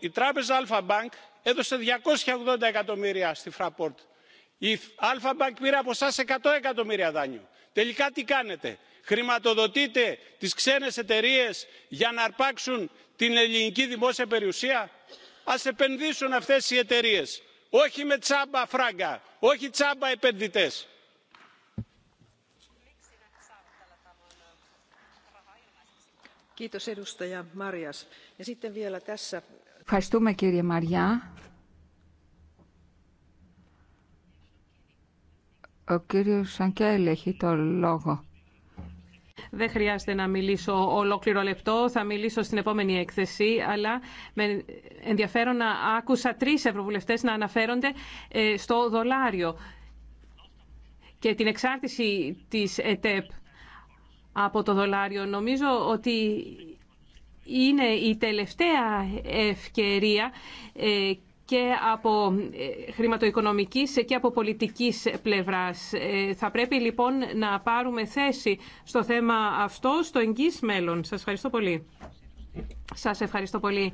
η τράπεζα αλφα bank έδωσε 280 εκατομμύρια στη fraport. η αλφα bank πήρε από εσάς 100 εκατομμύρια δάνειο. τελικά τι κάνετε χρηματοδοτείτε τις ξένες εταιρείες για να αρπάξουν την ελληνική δημόσια περιουσία ας επενδύσουν αυτές οι εταιρείες όχι με τσάμπα φράγκα όχι τσάμπα επενδυτές. Ευχαριστούμε κύριε Μαριά. Ο κύριος Σανκέλη έχει το λόγο. Δεν χρειάζεται να μιλήσω ολόκληρο λεπτό, θα μιλήσω στην επόμενη έκθεση, αλλά με ενδιαφέρον να άκουσα τρεις ευρωβουλευτές να αναφέρονται ε, στο δολάριο και την εξάρτηση της ΕΤΕΠ από το δολάριο. Νομίζω ότι είναι η τελευταία ευκαιρία ε, και από ε, χρηματοοικονομικής και από πολιτικής πλευράς. Ε, θα πρέπει λοιπόν να πάρουμε θέση στο θέμα αυτό στο εγγύς μέλλον. Σας ευχαριστώ πολύ. Σας ευχαριστώ πολύ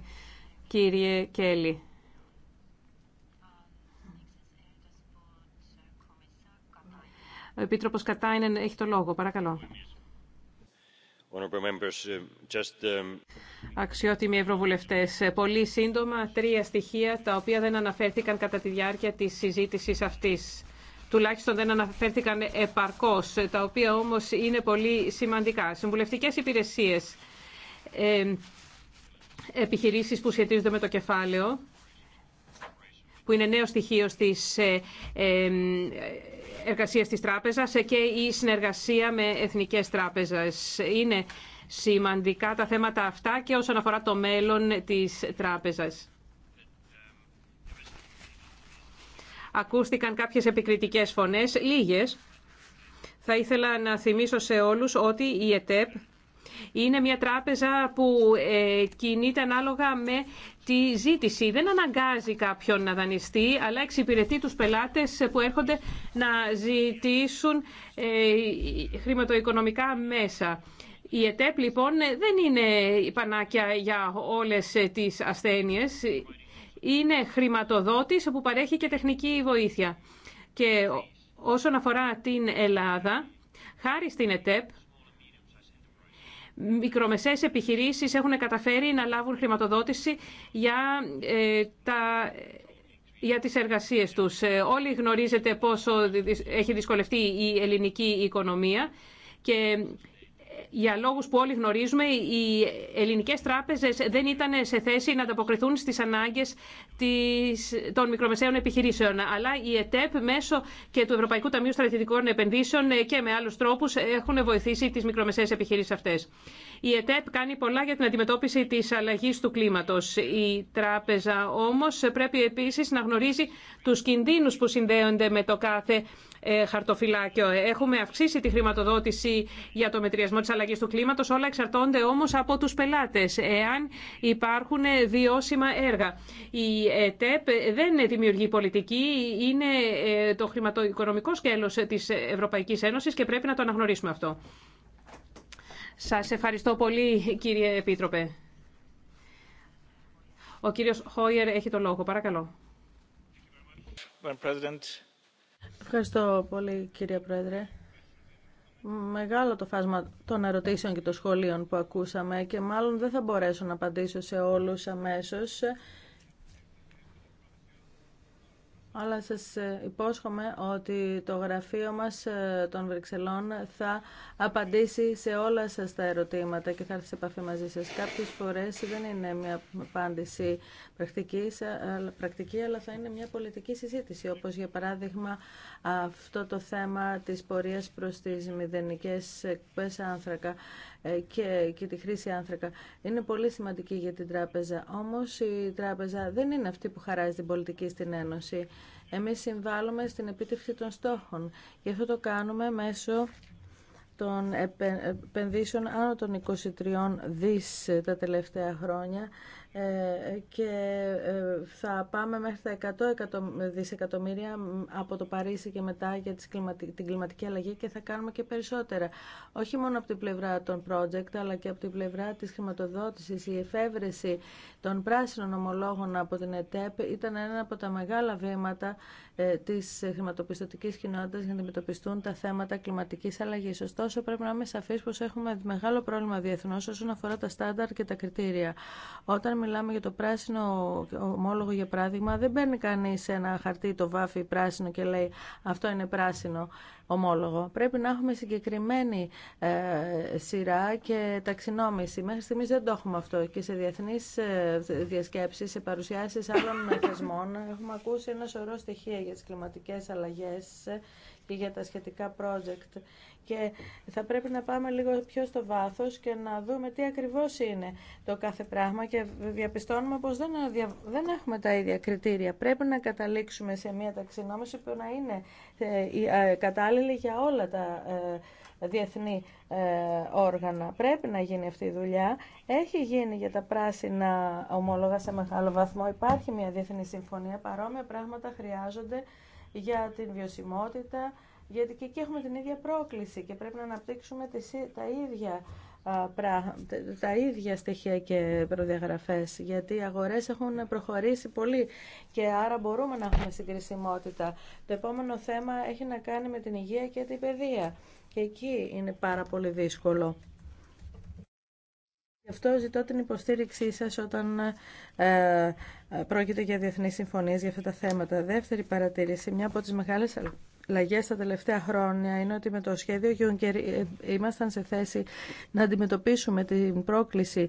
κύριε Κέλλη. Ο Επίτροπος Κατάινεν έχει το λόγο. Παρακαλώ. Uh, um, Αξιότιμοι Ευρωβουλευτές, ε, πολύ σύντομα τρία στοιχεία τα οποία δεν αναφέρθηκαν κατά τη διάρκεια της συζήτηση αυτής. Τουλάχιστον δεν αναφέρθηκαν επαρκώ, τα οποία όμως είναι πολύ σημαντικά. Συμβουλευτικέ υπηρεσίες, ε, ε, επιχειρήσεις που σχετίζονται με το κεφάλαιο, που είναι νέο στοιχείο στις ε, ε, εργασίες της τράπεζας και η συνεργασία με εθνικές τράπεζες. Είναι σημαντικά τα θέματα αυτά και όσον αφορά το μέλλον της τράπεζας. Ακούστηκαν κάποιες επικριτικές φωνές, λίγες. Θα ήθελα να θυμίσω σε όλους ότι η ΕΤΕΠ είναι μια τράπεζα που ε, κινείται ανάλογα με τη ζήτηση. Δεν αναγκάζει κάποιον να δανειστεί, αλλά εξυπηρετεί τους πελάτες που έρχονται να ζητήσουν ε, χρηματοοικονομικά μέσα. Η ΕΤΕΠ λοιπόν δεν είναι η πανάκια για όλες τις ασθένειες. Είναι χρηματοδότης που παρέχει και τεχνική βοήθεια. Και όσον αφορά την Ελλάδα, χάρη στην ΕΤΕΠ, μικρομεσαίες επιχειρήσεις έχουν καταφέρει να λάβουν χρηματοδότηση για ε, τα για τις εργασίες τους. Ε, όλοι γνωρίζετε πόσο έχει δυσκολευτεί η ελληνική οικονομία και για λόγους που όλοι γνωρίζουμε, οι ελληνικές τράπεζες δεν ήταν σε θέση να ανταποκριθούν στις ανάγκες των μικρομεσαίων επιχειρήσεων. Αλλά η ΕΤΕΠ μέσω και του Ευρωπαϊκού Ταμείου Στρατηγικών Επενδύσεων και με άλλους τρόπους έχουν βοηθήσει τις μικρομεσαίες επιχειρήσεις αυτές. Η ΕΤΕΠ κάνει πολλά για την αντιμετώπιση της αλλαγής του κλίματος. Η τράπεζα όμως πρέπει επίσης να γνωρίζει τους κινδύνους που συνδέονται με το κάθε ε, χαρτοφυλάκιο. Έχουμε αυξήσει τη χρηματοδότηση για το μετριασμό τη αλλαγή του κλίματο. Όλα εξαρτώνται όμω από του πελάτε, εάν υπάρχουν βιώσιμα έργα. Η ΕΤΕΠ δεν δημιουργεί πολιτική, είναι ε, το χρηματοοικονομικό σκέλο τη Ευρωπαϊκή Ένωση και πρέπει να το αναγνωρίσουμε αυτό. Σας ευχαριστώ πολύ κύριε Επίτροπε. Ο κύριος Χόιερ έχει το λόγο. Παρακαλώ. Ευχαριστώ πολύ κύριε Πρόεδρε. Μεγάλο το φάσμα των ερωτήσεων και των σχολείων που ακούσαμε και μάλλον δεν θα μπορέσω να απαντήσω σε όλους αμέσως αλλά σας ε, υπόσχομαι ότι το γραφείο μας ε, των Βρυξελών θα απαντήσει σε όλα σας τα ερωτήματα και θα έρθει σε επαφή μαζί σας. Κάποιες φορές δεν είναι μια απάντηση πρακτική, αλλά θα είναι μια πολιτική συζήτηση, όπως για παράδειγμα αυτό το θέμα της πορείας προς τις μηδενικές εκπές άνθρακα. Ε, και, και τη χρήση άνθρακα είναι πολύ σημαντική για την τράπεζα. Όμως η τράπεζα δεν είναι αυτή που χαράζει την πολιτική στην Ένωση. Εμείς συμβάλλουμε στην επίτευξη των στόχων και αυτό το κάνουμε μέσω των επενδύσεων άνω των 23 δις τα τελευταία χρόνια ε, και ε, θα πάμε μέχρι τα 100 δισεκατομμύρια από το Παρίσι και μετά για την κλιματική αλλαγή και θα κάνουμε και περισσότερα. Όχι μόνο από την πλευρά των project αλλά και από την πλευρά της χρηματοδότησης, η εφεύρεση, των πράσινων ομολόγων από την ΕΤΕΠ ήταν ένα από τα μεγάλα βήματα ε, της χρηματοπιστωτικής κοινότητας για να αντιμετωπιστούν τα θέματα κλιματικής αλλαγής. Ωστόσο, πρέπει να είμαι σαφής πως έχουμε μεγάλο πρόβλημα διεθνώς όσον αφορά τα στάνταρ και τα κριτήρια. Όταν μιλάμε για το πράσινο ομόλογο, για παράδειγμα, δεν παίρνει κανείς ένα χαρτί το βάφει πράσινο και λέει αυτό είναι πράσινο ομόλογο. Πρέπει να έχουμε συγκεκριμένη ε, σειρά και ταξινόμηση. Μέχρι στιγμής δεν το έχουμε αυτό και σε διεθνείς ε, διασκέψεις, σε παρουσιάσεις άλλων <laughs> θεσμών έχουμε ακούσει ένα σωρό στοιχεία για τις κλιματικές αλλαγές και για τα σχετικά project. Και θα πρέπει να πάμε λίγο πιο στο βάθος και να δούμε τι ακριβώς είναι το κάθε πράγμα και διαπιστώνουμε πως δεν, δεν έχουμε τα ίδια κριτήρια. Πρέπει να καταλήξουμε σε μια ταξινόμηση που να είναι ε, ε, κατάλληλη για όλα τα ε, διεθνή όργανα. Πρέπει να γίνει αυτή η δουλειά. Έχει γίνει για τα πράσινα ομόλογα σε μεγάλο βαθμό. Υπάρχει μια διεθνή συμφωνία. Παρόμοια πράγματα χρειάζονται για την βιωσιμότητα, γιατί και εκεί έχουμε την ίδια πρόκληση και πρέπει να αναπτύξουμε τα ίδια τα ίδια στοιχεία και προδιαγραφές γιατί οι αγορές έχουν προχωρήσει πολύ και άρα μπορούμε να έχουμε συγκρισιμότητα. Το επόμενο θέμα έχει να κάνει με την υγεία και την παιδεία και εκεί είναι πάρα πολύ δύσκολο αυτό ζητώ την υποστήριξή σας όταν ε, πρόκειται για διεθνείς συμφωνίες για αυτά τα θέματα. Δεύτερη παρατήρηση, μια από τις μεγάλες αλλαγέ τα τελευταία χρόνια είναι ότι με το σχέδιο Juncker ε, ήμασταν σε θέση να αντιμετωπίσουμε την πρόκληση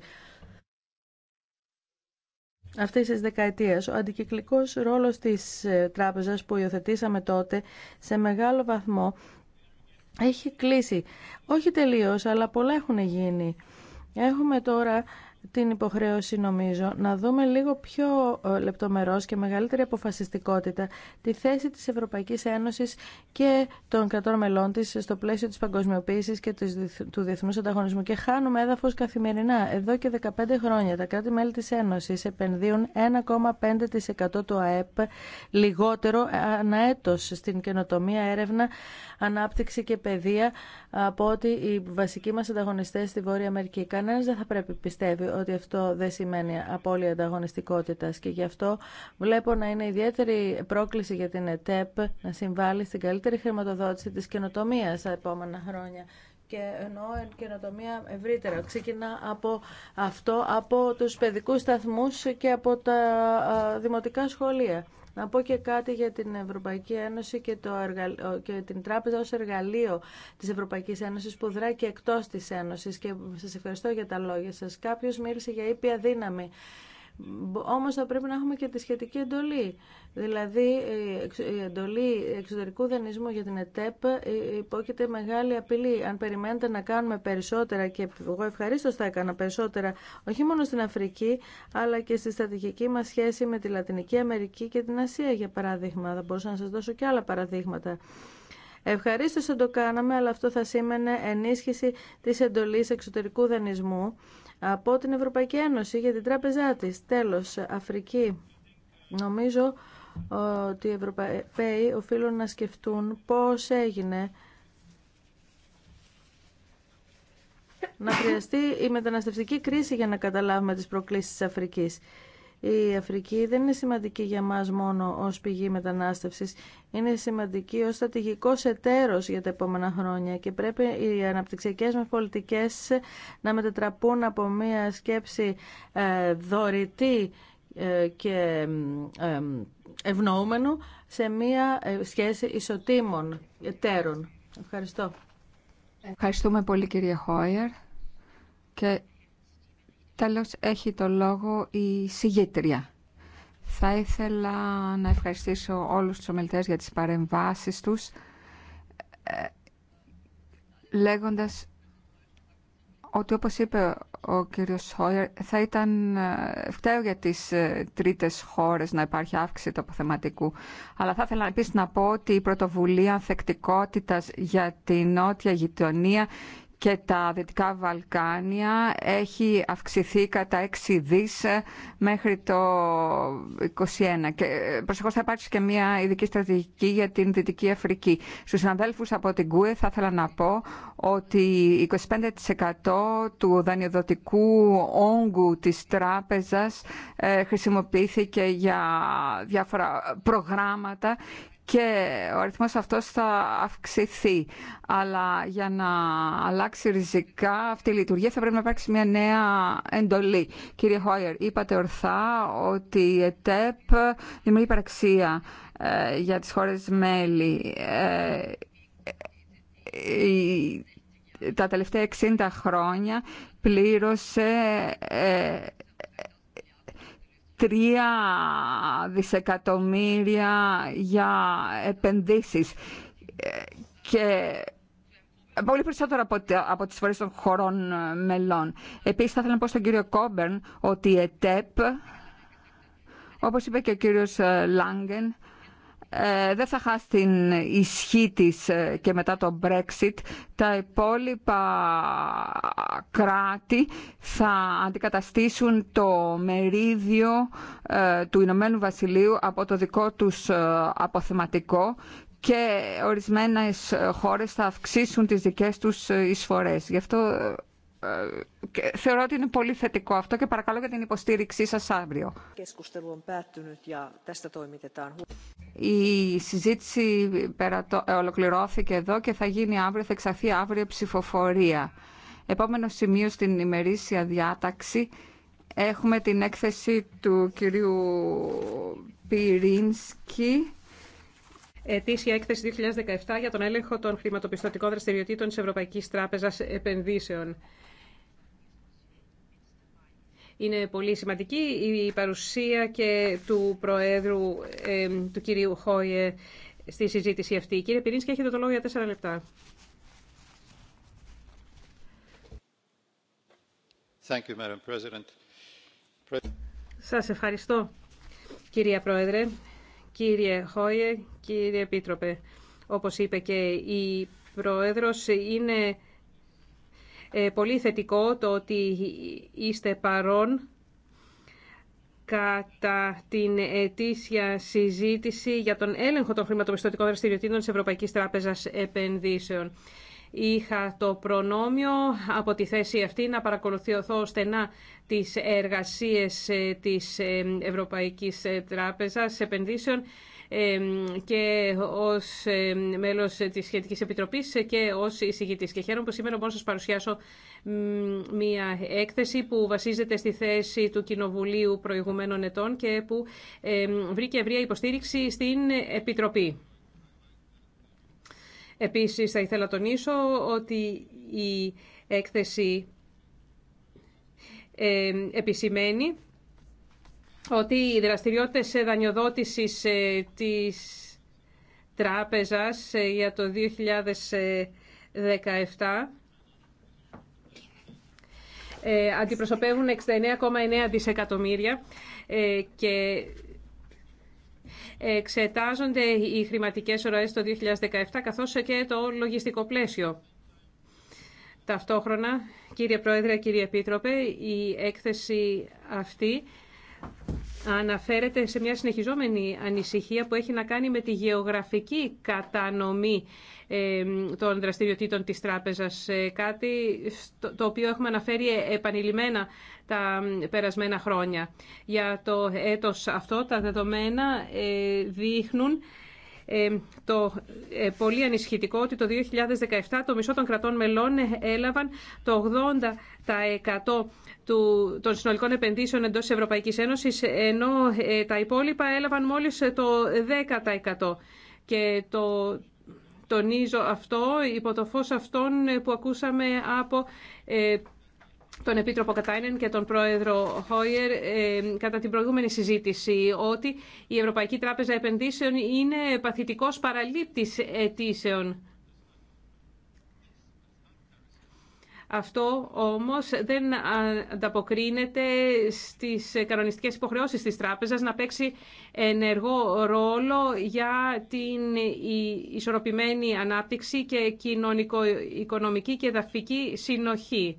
αυτή τη δεκαετία. Ο αντικυκλικό ρόλο τη ε, τράπεζα που υιοθετήσαμε τότε σε μεγάλο βαθμό έχει κλείσει. Όχι τελείω, αλλά πολλά έχουν γίνει. Έχουμε τώρα την υποχρέωση νομίζω να δούμε λίγο πιο ε, λεπτομερώς και μεγαλύτερη αποφασιστικότητα τη θέση της Ευρωπαϊκής Ένωσης και των κρατών μελών της στο πλαίσιο της παγκοσμιοποίησης και του διεθνούς ανταγωνισμού και χάνουμε έδαφος καθημερινά. Εδώ και 15 χρόνια τα κράτη-μέλη της Ένωσης επενδύουν 1,5% του ΑΕΠ λιγότερο ε, ανά στην καινοτομία, έρευνα, ανάπτυξη και παιδεία από ότι οι βασικοί μας ανταγωνιστές στη Βόρεια Αμερική. Κανένας δεν θα πρέπει πιστεύει ότι αυτό δεν σημαίνει απώλεια ανταγωνιστικότητα. και γι' αυτό βλέπω να είναι ιδιαίτερη πρόκληση για την ΕΤΕΠ να συμβάλλει στην καλύτερη χρηματοδότηση της καινοτομία τα επόμενα χρόνια και εννοώ καινοτομία ευρύτερα. Ξεκινά από αυτό, από τους παιδικούς σταθμούς και από τα δημοτικά σχολεία. Να πω και κάτι για την Ευρωπαϊκή Ένωση και, το και την Τράπεζα ως εργαλείο της Ευρωπαϊκής Ένωσης που δράει και εκτός της Ένωσης και σας ευχαριστώ για τα λόγια σας. Κάποιος μίλησε για ήπια δύναμη. Όμως θα πρέπει να έχουμε και τη σχετική εντολή. Δηλαδή η εντολή εξωτερικού δανεισμού για την ΕΤΕΠ ε, υπόκειται μεγάλη απειλή. Αν περιμένετε να κάνουμε περισσότερα και εγώ ευχαρίστω θα έκανα περισσότερα όχι μόνο στην Αφρική αλλά και στη στρατηγική μα σχέση με τη Λατινική Αμερική και την Ασία για παράδειγμα. Θα μπορούσα να σας δώσω και άλλα παραδείγματα. Ευχαρίστω θα το κάναμε, αλλά αυτό θα σήμαινε ενίσχυση τη εντολή εξωτερικού δανεισμού από την Ευρωπαϊκή Ένωση για την τράπεζά της. Τέλος, Αφρική. Νομίζω ε, ότι οι Ευρωπαίοι οφείλουν να σκεφτούν πώς έγινε να χρειαστεί η μεταναστευτική κρίση για να καταλάβουμε τις προκλήσεις της Αφρικής. Η Αφρική δεν είναι σημαντική για μας μόνο ως πηγή μετανάστευσης, είναι σημαντική ως στρατηγικός εταίρος για τα επόμενα χρόνια και πρέπει οι αναπτυξιακές μας πολιτικές να μετατραπούν από μια σκέψη ε, δωρητή ε, και ε, ευνοούμενου σε μια σχέση ισοτήμων εταίρων. Ευχαριστώ. Ευχαριστούμε πολύ κυρία Χόιερ και Τέλος, έχει το λόγο η συγγήτρια. Θα ήθελα να ευχαριστήσω όλους τους ομιλητές για τις παρεμβάσεις τους, ε, λέγοντας ότι όπως είπε ο κύριος Σόιερ, θα ήταν ε, φταίο για τις ε, τρίτες χώρες να υπάρχει αύξηση του αποθεματικού. Αλλά θα ήθελα επίσης να πω ότι η πρωτοβουλία ανθεκτικότητας για την νότια γειτονία και τα Δυτικά Βαλκάνια έχει αυξηθεί κατά 6 δις μέχρι το 2021. Και ε, προσεχώς θα υπάρξει και μια ειδική στρατηγική για την Δυτική Αφρική. Στους συναδέλφους από την ΚΟΕ θα ήθελα να πω ότι 25% του δανειοδοτικού όγκου της τράπεζας ε, χρησιμοποιήθηκε για διάφορα προγράμματα και ο αριθμός αυτός θα αυξηθεί. Αλλά για να αλλάξει ριζικά αυτή η λειτουργία θα πρέπει να υπάρξει μια νέα εντολή. Κύριε Χόιερ, είπατε ορθά ότι η ΕΤΕΠ δημιουργεί υπεραξία ε, για τις χώρες μέλη. Ε, τα τελευταία 60 χρόνια πλήρωσε ε, Τρία δισεκατομμύρια για επενδύσεις και πολύ περισσότερο από, από τις φορές των χωρών μελών. Επίσης θα ήθελα να πω στον κύριο Κόμπερν ότι η ΕΤΕΠ, όπως είπε και ο κύριος Λάγκεν, ε, δεν θα χάσει την ισχύ της ε, και μετά το Brexit. Τα υπόλοιπα κράτη θα αντικαταστήσουν το μερίδιο ε, του Ηνωμένου Βασιλείου από το δικό τους αποθεματικό και ορισμένες χώρες θα αυξήσουν τις δικές τους εισφορές θεωρώ ότι είναι πολύ θετικό αυτό και παρακαλώ για την υποστήριξή σας αύριο. Η συζήτηση ολοκληρώθηκε εδώ και θα γίνει αύριο, θα εξαχθεί αύριο ψηφοφορία. Επόμενο σημείο στην ημερήσια διάταξη έχουμε την έκθεση του κυρίου Πυρίνσκι. Ετήσια έκθεση 2017 για τον έλεγχο των χρηματοπιστωτικών δραστηριοτήτων της Ευρωπαϊκής Τράπεζας Επενδύσεων. Είναι πολύ σημαντική η παρουσία και του Προέδρου, του κυρίου Χόιε, στη συζήτηση αυτή. Κύριε Πυρίνσκη, έχετε το λόγο για τέσσερα λεπτά. Thank Σας ευχαριστώ, κυρία Πρόεδρε, κύριε Χόιε, κύριε Επίτροπε. Όπως είπε και η Πρόεδρος, είναι ε, πολύ θετικό το ότι είστε παρόν κατά την ετήσια συζήτηση για τον έλεγχο των χρηματοπιστωτικών δραστηριοτήτων της Ευρωπαϊκής Τράπεζας Επενδύσεων. Είχα το προνόμιο από τη θέση αυτή να παρακολουθώ στενά τις εργασίες ε, της ε, Ευρωπαϊκής Τράπεζας Επενδύσεων και ως μέλος της Σχετικής Επιτροπής και ως εισηγητής. Και χαίρομαι που σήμερα μπορώ να σας παρουσιάσω μια έκθεση που βασίζεται στη θέση του Κοινοβουλίου προηγουμένων ετών και που βρήκε ευρεία υποστήριξη στην Επιτροπή. Επίσης, θα ήθελα να τονίσω ότι η έκθεση επισημαίνει ότι οι δραστηριότητες δανειοδότησης ε, της τράπεζας ε, για το 2017 ε, αντιπροσωπεύουν 69,9 δισεκατομμύρια και εξετάζονται οι χρηματικές ροές το 2017 καθώς και το λογιστικό πλαίσιο. Ταυτόχρονα, κύριε Πρόεδρε, κύριε Επίτροπε, η έκθεση αυτή αναφέρεται σε μια συνεχιζόμενη ανησυχία που έχει να κάνει με τη γεωγραφική κατανομή ε, των δραστηριοτήτων της τράπεζας. Ε, κάτι το οποίο έχουμε αναφέρει επανειλημμένα τα περασμένα χρόνια. Για το έτος αυτό τα δεδομένα ε, δείχνουν ε, το ε, πολύ ανησυχητικό ότι το 2017 το μισό των κρατών μελών έλαβαν το 80% του, των συνολικών επενδύσεων εντός της Ευρωπαϊκής Ένωσης, ενώ ε, τα υπόλοιπα έλαβαν μόλις το 10%. Και το τονίζω αυτό υπό το φως αυτών που ακούσαμε από τον Επίτροπο Κατάινεν και τον Πρόεδρο Χόιερ ε, κατά την προηγούμενη συζήτηση ότι η Ευρωπαϊκή Τράπεζα Επενδύσεων είναι παθητικός παραλήπτης αιτήσεων. Αυτό όμως δεν ανταποκρίνεται στις κανονιστικές υποχρεώσεις της τράπεζας να παίξει ενεργό ρόλο για την ισορροπημένη ανάπτυξη και κοινωνικο-οικονομική και εδαφική συνοχή.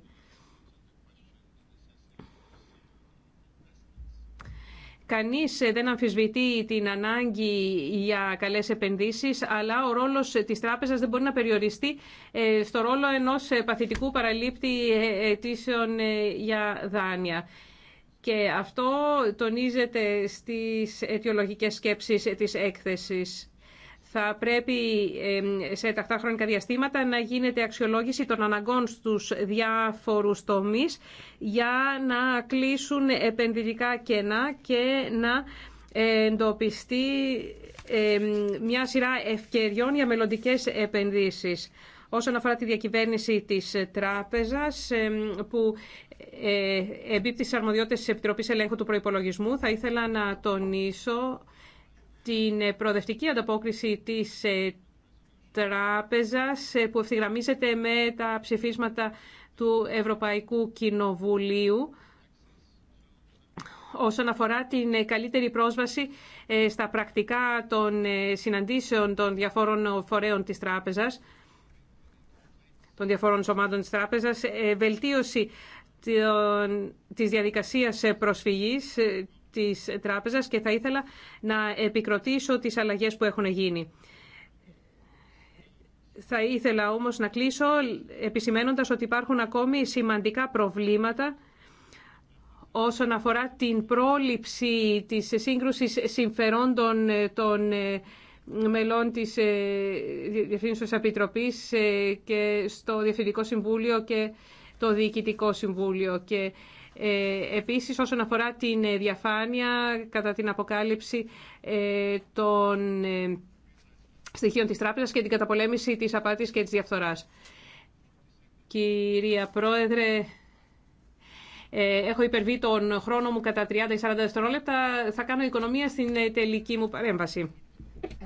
Κανείς ε, δεν αμφισβητεί την ανάγκη για καλές επενδύσεις, αλλά ο ρόλος ε, της τράπεζας δεν μπορεί να περιοριστεί ε, στο ρόλο ενός παθητικού παραλήπτη αιτήσεων για δάνεια. Και αυτό τονίζεται στις αιτιολογικές σκέψεις της έκθεσης θα πρέπει σε τακτά χρονικά διαστήματα να γίνεται αξιολόγηση των αναγκών στους διάφορους τομείς για να κλείσουν επενδυτικά κενά και να εντοπιστεί μια σειρά ευκαιριών για μελλοντικές επενδύσεις. Όσον αφορά τη διακυβέρνηση της τράπεζας που ε, εμπίπτει στις αρμοδιότητες της Επιτροπής Ελέγχου του Προϋπολογισμού, θα ήθελα να τονίσω την ε, προοδευτική ανταπόκριση της ε, τράπεζας ε, που ευθυγραμμίζεται με τα ψηφίσματα του Ευρωπαϊκού Κοινοβουλίου όσον αφορά την καλύτερη πρόσβαση στα πρακτικά των συναντήσεων των διαφόρων φορέων της τράπεζας, των διαφόρων σωμάτων της τράπεζας, βελτίωση της διαδικασίας προσφυγής, της τράπεζας και θα ήθελα να επικροτήσω τις αλλαγές που έχουν γίνει. Θα ήθελα όμως να κλείσω επισημένοντας ότι υπάρχουν ακόμη σημαντικά προβλήματα όσον αφορά την πρόληψη της σύγκρουσης συμφερόντων των ε, μελών της ε, Διευθύνουσας Επιτροπής ε, και στο Διευθυντικό Συμβούλιο και το Διοικητικό Συμβούλιο. Και ε, επίσης, όσον αφορά την ε, διαφάνεια κατά την αποκάλυψη ε, των στοιχείων της τράπεζας και την καταπολέμηση της απάτης και της διαφθοράς. Κυρία Πρόεδρε, έχω υπερβεί τον χρόνο μου κατά 30 ή 40 δευτερόλεπτα. Θα κάνω οικονομία στην τελική μου παρέμβαση.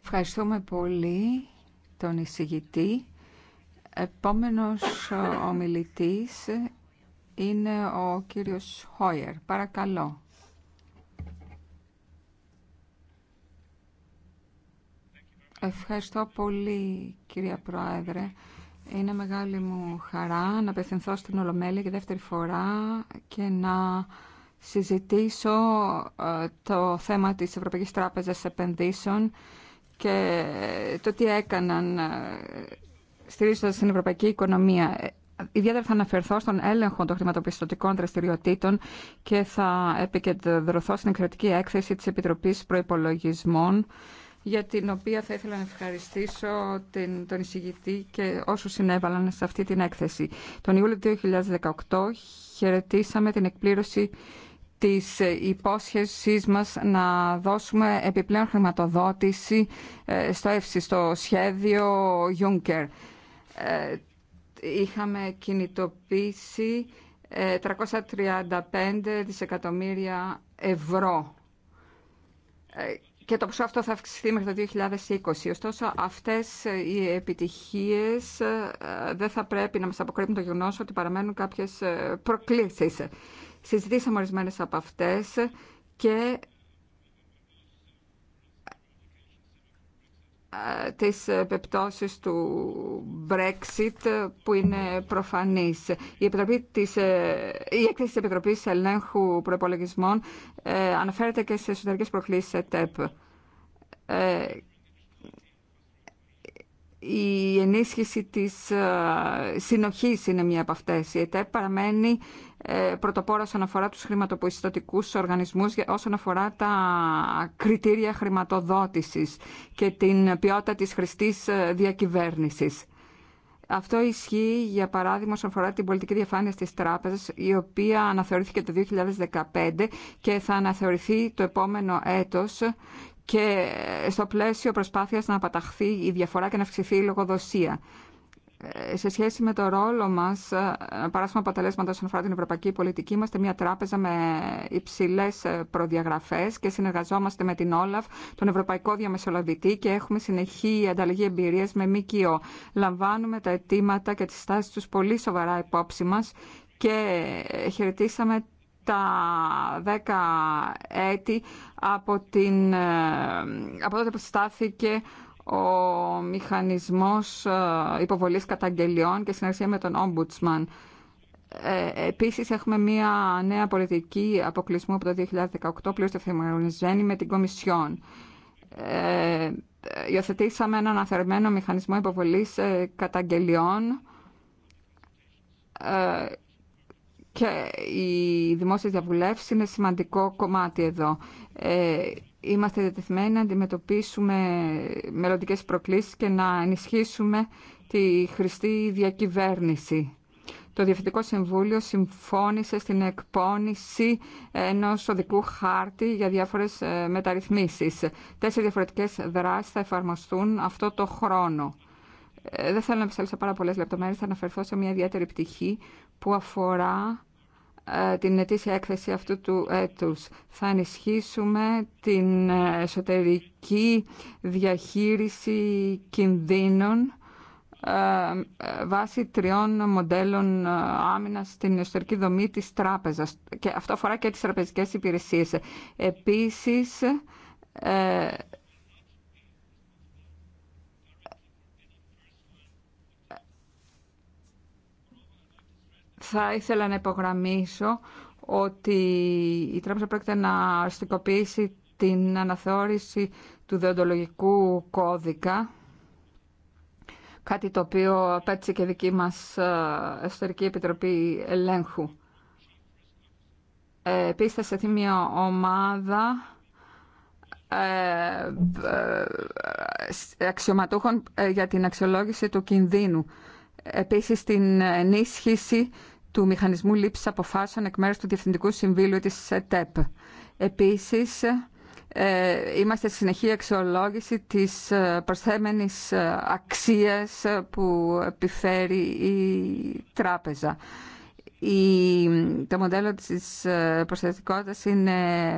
Ευχαριστούμε πολύ τον εισηγητή. Επόμενος ομιλητής είναι ο κύριος Χόιερ. Παρακαλώ. Ευχαριστώ πολύ κυρία Πρόεδρε. Είναι μεγάλη μου χαρά να απευθυνθώ στην Ολομέλη για δεύτερη φορά και να συζητήσω ε, το θέμα της Ευρωπαϊκής Τράπεζας Επενδύσεων και το τι έκαναν ε, στηρίζοντας την ευρωπαϊκή οικονομία. Ιδιαίτερα θα αναφερθώ στον έλεγχο των χρηματοπιστωτικών δραστηριοτήτων και θα επικεντρωθώ στην εκκριτική έκθεση της Επιτροπής Προϋπολογισμών για την οποία θα ήθελα να ευχαριστήσω τον εισηγητή και όσους συνέβαλαν σε αυτή την έκθεση. Τον Ιούλιο 2018 χαιρετήσαμε την εκπλήρωση της υπόσχεσής μας να δώσουμε επιπλέον χρηματοδότηση ε, στο ΕΦΣΙ, στο σχέδιο Juncker ε, είχαμε κινητοποίησει 335 δισεκατομμύρια ευρώ ε, και το ποσό αυτό θα αυξηθεί μέχρι το 2020. Ωστόσο, αυτές ε, οι επιτυχίες ε, δεν θα πρέπει να μας αποκρύπτουν το γεγονός ότι παραμένουν κάποιες προκλήσεις. Συζητήσαμε ορισμένες από αυτές και τις επιπτώσεις του Brexit που είναι προφανής. Η, Επιτροπή της, ε, η έκθεση της Επιτροπής Ελέγχου Προπολογισμών ε, αναφέρεται και σε εσωτερικές προκλήσεις ΕΤΕΠ η ενίσχυση της ε, συνοχής είναι μία από αυτές. Η ΕΤΕΠ παραμένει ε, πρωτοπόρο όσον αφορά τους χρηματοπιστωτικούς οργανισμούς, όσον αφορά τα κριτήρια χρηματοδότησης και την ποιότητα της χρηστής ε, διακυβέρνησης. Αυτό ισχύει, για παράδειγμα, όσον αφορά την πολιτική διαφάνεια τη τράπεζα, η οποία αναθεωρήθηκε το 2015 και θα αναθεωρηθεί το επόμενο έτος και στο πλαίσιο προσπάθειας να απαταχθεί η διαφορά και να αυξηθεί η λογοδοσία. Ε, σε σχέση με το ρόλο μα, ε, παράσχουμε αποτελέσματα όσον αφορά την ευρωπαϊκή πολιτική, είμαστε μια τράπεζα με υψηλέ ε, προδιαγραφέ και συνεργαζόμαστε με την Όλαφ, τον Ευρωπαϊκό Διαμεσολαβητή και έχουμε συνεχή ανταλλαγή εμπειρία με ΜΚΟ. Λαμβάνουμε τα αιτήματα και τι στάσει του πολύ σοβαρά υπόψη μα και χαιρετήσαμε τα 10 έτη από, την, ε, από τότε που στάθηκε ο μηχανισμός ε, υποβολής καταγγελιών και συνεργασία με τον Ombudsman. Ε, επίσης έχουμε μια νέα πολιτική αποκλεισμού από το 2018 πλήρως ευθυγραμμισμένη με την Κομισιόν. Ε, υιοθετήσαμε έναν αναθερμένο μηχανισμό υποβολής ε, καταγγελιών και οι δημόσιες διαβουλεύσεις είναι σημαντικό κομμάτι εδώ. Ε, είμαστε διατεθειμένοι να αντιμετωπίσουμε μελλοντικές προκλήσεις και να ενισχύσουμε τη χρηστή διακυβέρνηση. Το Διευθυντικό Συμβούλιο συμφώνησε στην εκπόνηση ενός οδικού χάρτη για διάφορες ε, μεταρρυθμίσεις. Τέσσερις διαφορετικές δράσεις θα εφαρμοστούν αυτό το χρόνο. Ε, δεν θέλω να επιστρέψω πάρα πολλές λεπτομέρειες, θα αναφερθώ σε μια ιδιαίτερη πτυχή που αφορά ε, την ετήσια έκθεση αυτού του έτους. Θα ενισχύσουμε την ε, εσωτερική διαχείριση κινδύνων ε, βάσει τριών μοντέλων άμυνας στην εσωτερική δομή της τράπεζας. Και αυτό αφορά και τις τραπεζικές υπηρεσίες. Επίσης, θα ήθελα να υπογραμμίσω ότι η τράπεζα πρόκειται να αστικοποιήσει την αναθεώρηση του δεοντολογικού κώδικα, κάτι το οποίο απέτυχε και δική μας ε, Εσωτερική Επιτροπή Ελέγχου. Ε, επίσης θα στεθεί μια ομάδα ε, ε, αξιωματούχων για την αξιολόγηση του κινδύνου. Επίσης την ενίσχυση του Μηχανισμού λήψη Αποφάσεων εκ μέρου του Διευθυντικού Συμβούλου τη ΕΤΕΠ. Επίσης, ε, είμαστε στη συνεχή αξιολόγηση της ε, προσθέμενης ε, αξίας που επιφέρει η τράπεζα. Η, το μοντέλο της προσθετικότητας είναι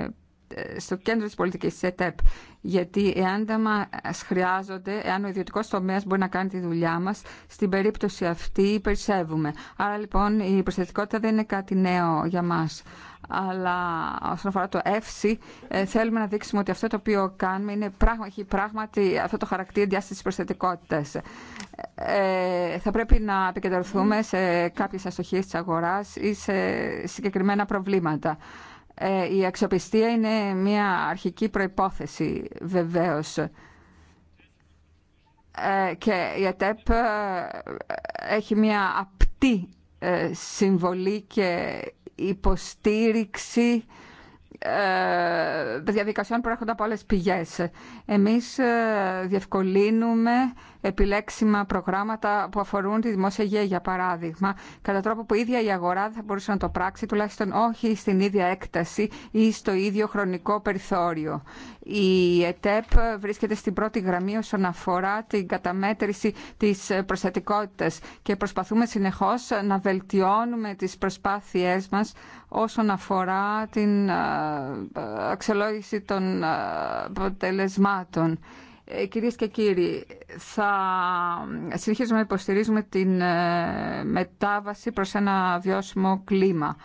στο κέντρο της πολιτικής της ΕΤΕΠ. Γιατί εάν δεν μας χρειάζονται, εάν ο ιδιωτικός τομέας μπορεί να κάνει τη δουλειά μας, στην περίπτωση αυτή περισσεύουμε. Άρα λοιπόν η προσθετικότητα δεν είναι κάτι νέο για μας. Αλλά όσον αφορά το εύση, θέλουμε να δείξουμε ότι αυτό το οποίο κάνουμε είναι πράγματι, πράγματι αυτό το χαρακτήρα διάσταση προσθετικότητας. Ε, θα πρέπει να επικεντρωθούμε σε κάποιες αστοχίες της αγοράς ή σε συγκεκριμένα προβλήματα. Ε, η αξιοπιστία είναι μια αρχική προϋπόθεση βεβαίως ε, και η ΕΤΕΠ ε, έχει μια απτή συμβολή και υποστήριξη διαδικασιών που έρχονται από άλλες πηγές. Εμείς διευκολύνουμε επιλέξιμα προγράμματα που αφορούν τη δημόσια υγεία, για παράδειγμα, κατά τρόπο που η ίδια η αγορά δεν θα μπορούσε να το πράξει, τουλάχιστον όχι στην ίδια έκταση ή στο ίδιο χρονικό περιθώριο. Η ΕΤΕΠ βρίσκεται στην πρώτη γραμμή όσον αφορά την καταμέτρηση της προστατικότητα. και προσπαθούμε συνεχώς να βελτιώνουμε τι προσπάθειε μας όσον αφορά την ε, ε, αξιολόγηση των ε, αποτελεσμάτων. Ε, κυρίες και κύριοι, θα συνεχίζουμε να υποστηρίζουμε την ε, μετάβαση προς ένα βιώσιμο κλίμα.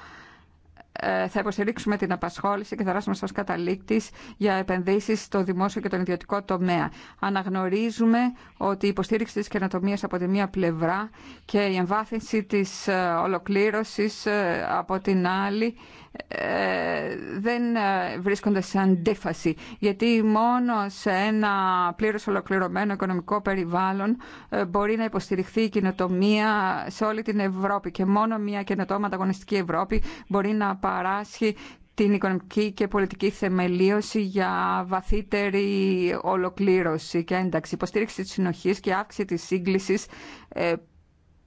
Ε, θα υποστηρίξουμε την απασχόληση και θα δράσουμε σαν καταλήκτης για επενδύσεις στο δημόσιο και τον ιδιωτικό τομέα. Αναγνωρίζουμε ότι η υποστήριξη της καινοτομίας από τη μία πλευρά και η εμβάθυνση της ολοκλήρωσης από την άλλη ε, δεν ε, βρίσκονται σε αντίφαση γιατί μόνο σε ένα πλήρως ολοκληρωμένο οικονομικό περιβάλλον ε, μπορεί να υποστηριχθεί η κοινοτομία σε όλη την Ευρώπη και μόνο μια καινοτόμα ανταγωνιστική Ευρώπη μπορεί να παράσχει την οικονομική και πολιτική θεμελίωση για βαθύτερη ολοκλήρωση και ένταξη. Υποστήριξη της συνοχής και αύξηση της σύγκλησης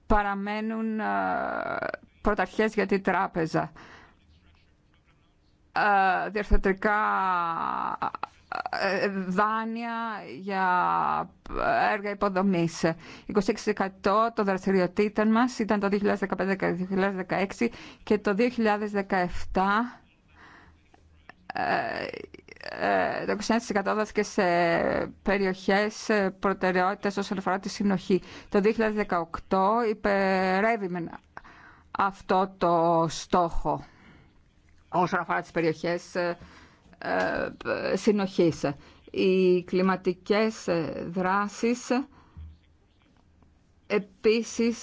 παραμένουν πρωταρχές για την τράπεζα. Ε, διαρθρωτικά ε, ε, δάνεια για έργα υποδομής. 26% των δραστηριοτήτων μας ήταν το 2015-2016 και το 2017 το 29% δόθηκε σε περιοχές προτεραιότητας όσον αφορά τη συνοχή. Το 2018 υπερεύει αυτό το στόχο όσον αφορά τις περιοχές ε, ε, συνοχής. Οι κλιματικές δράσεις επίσης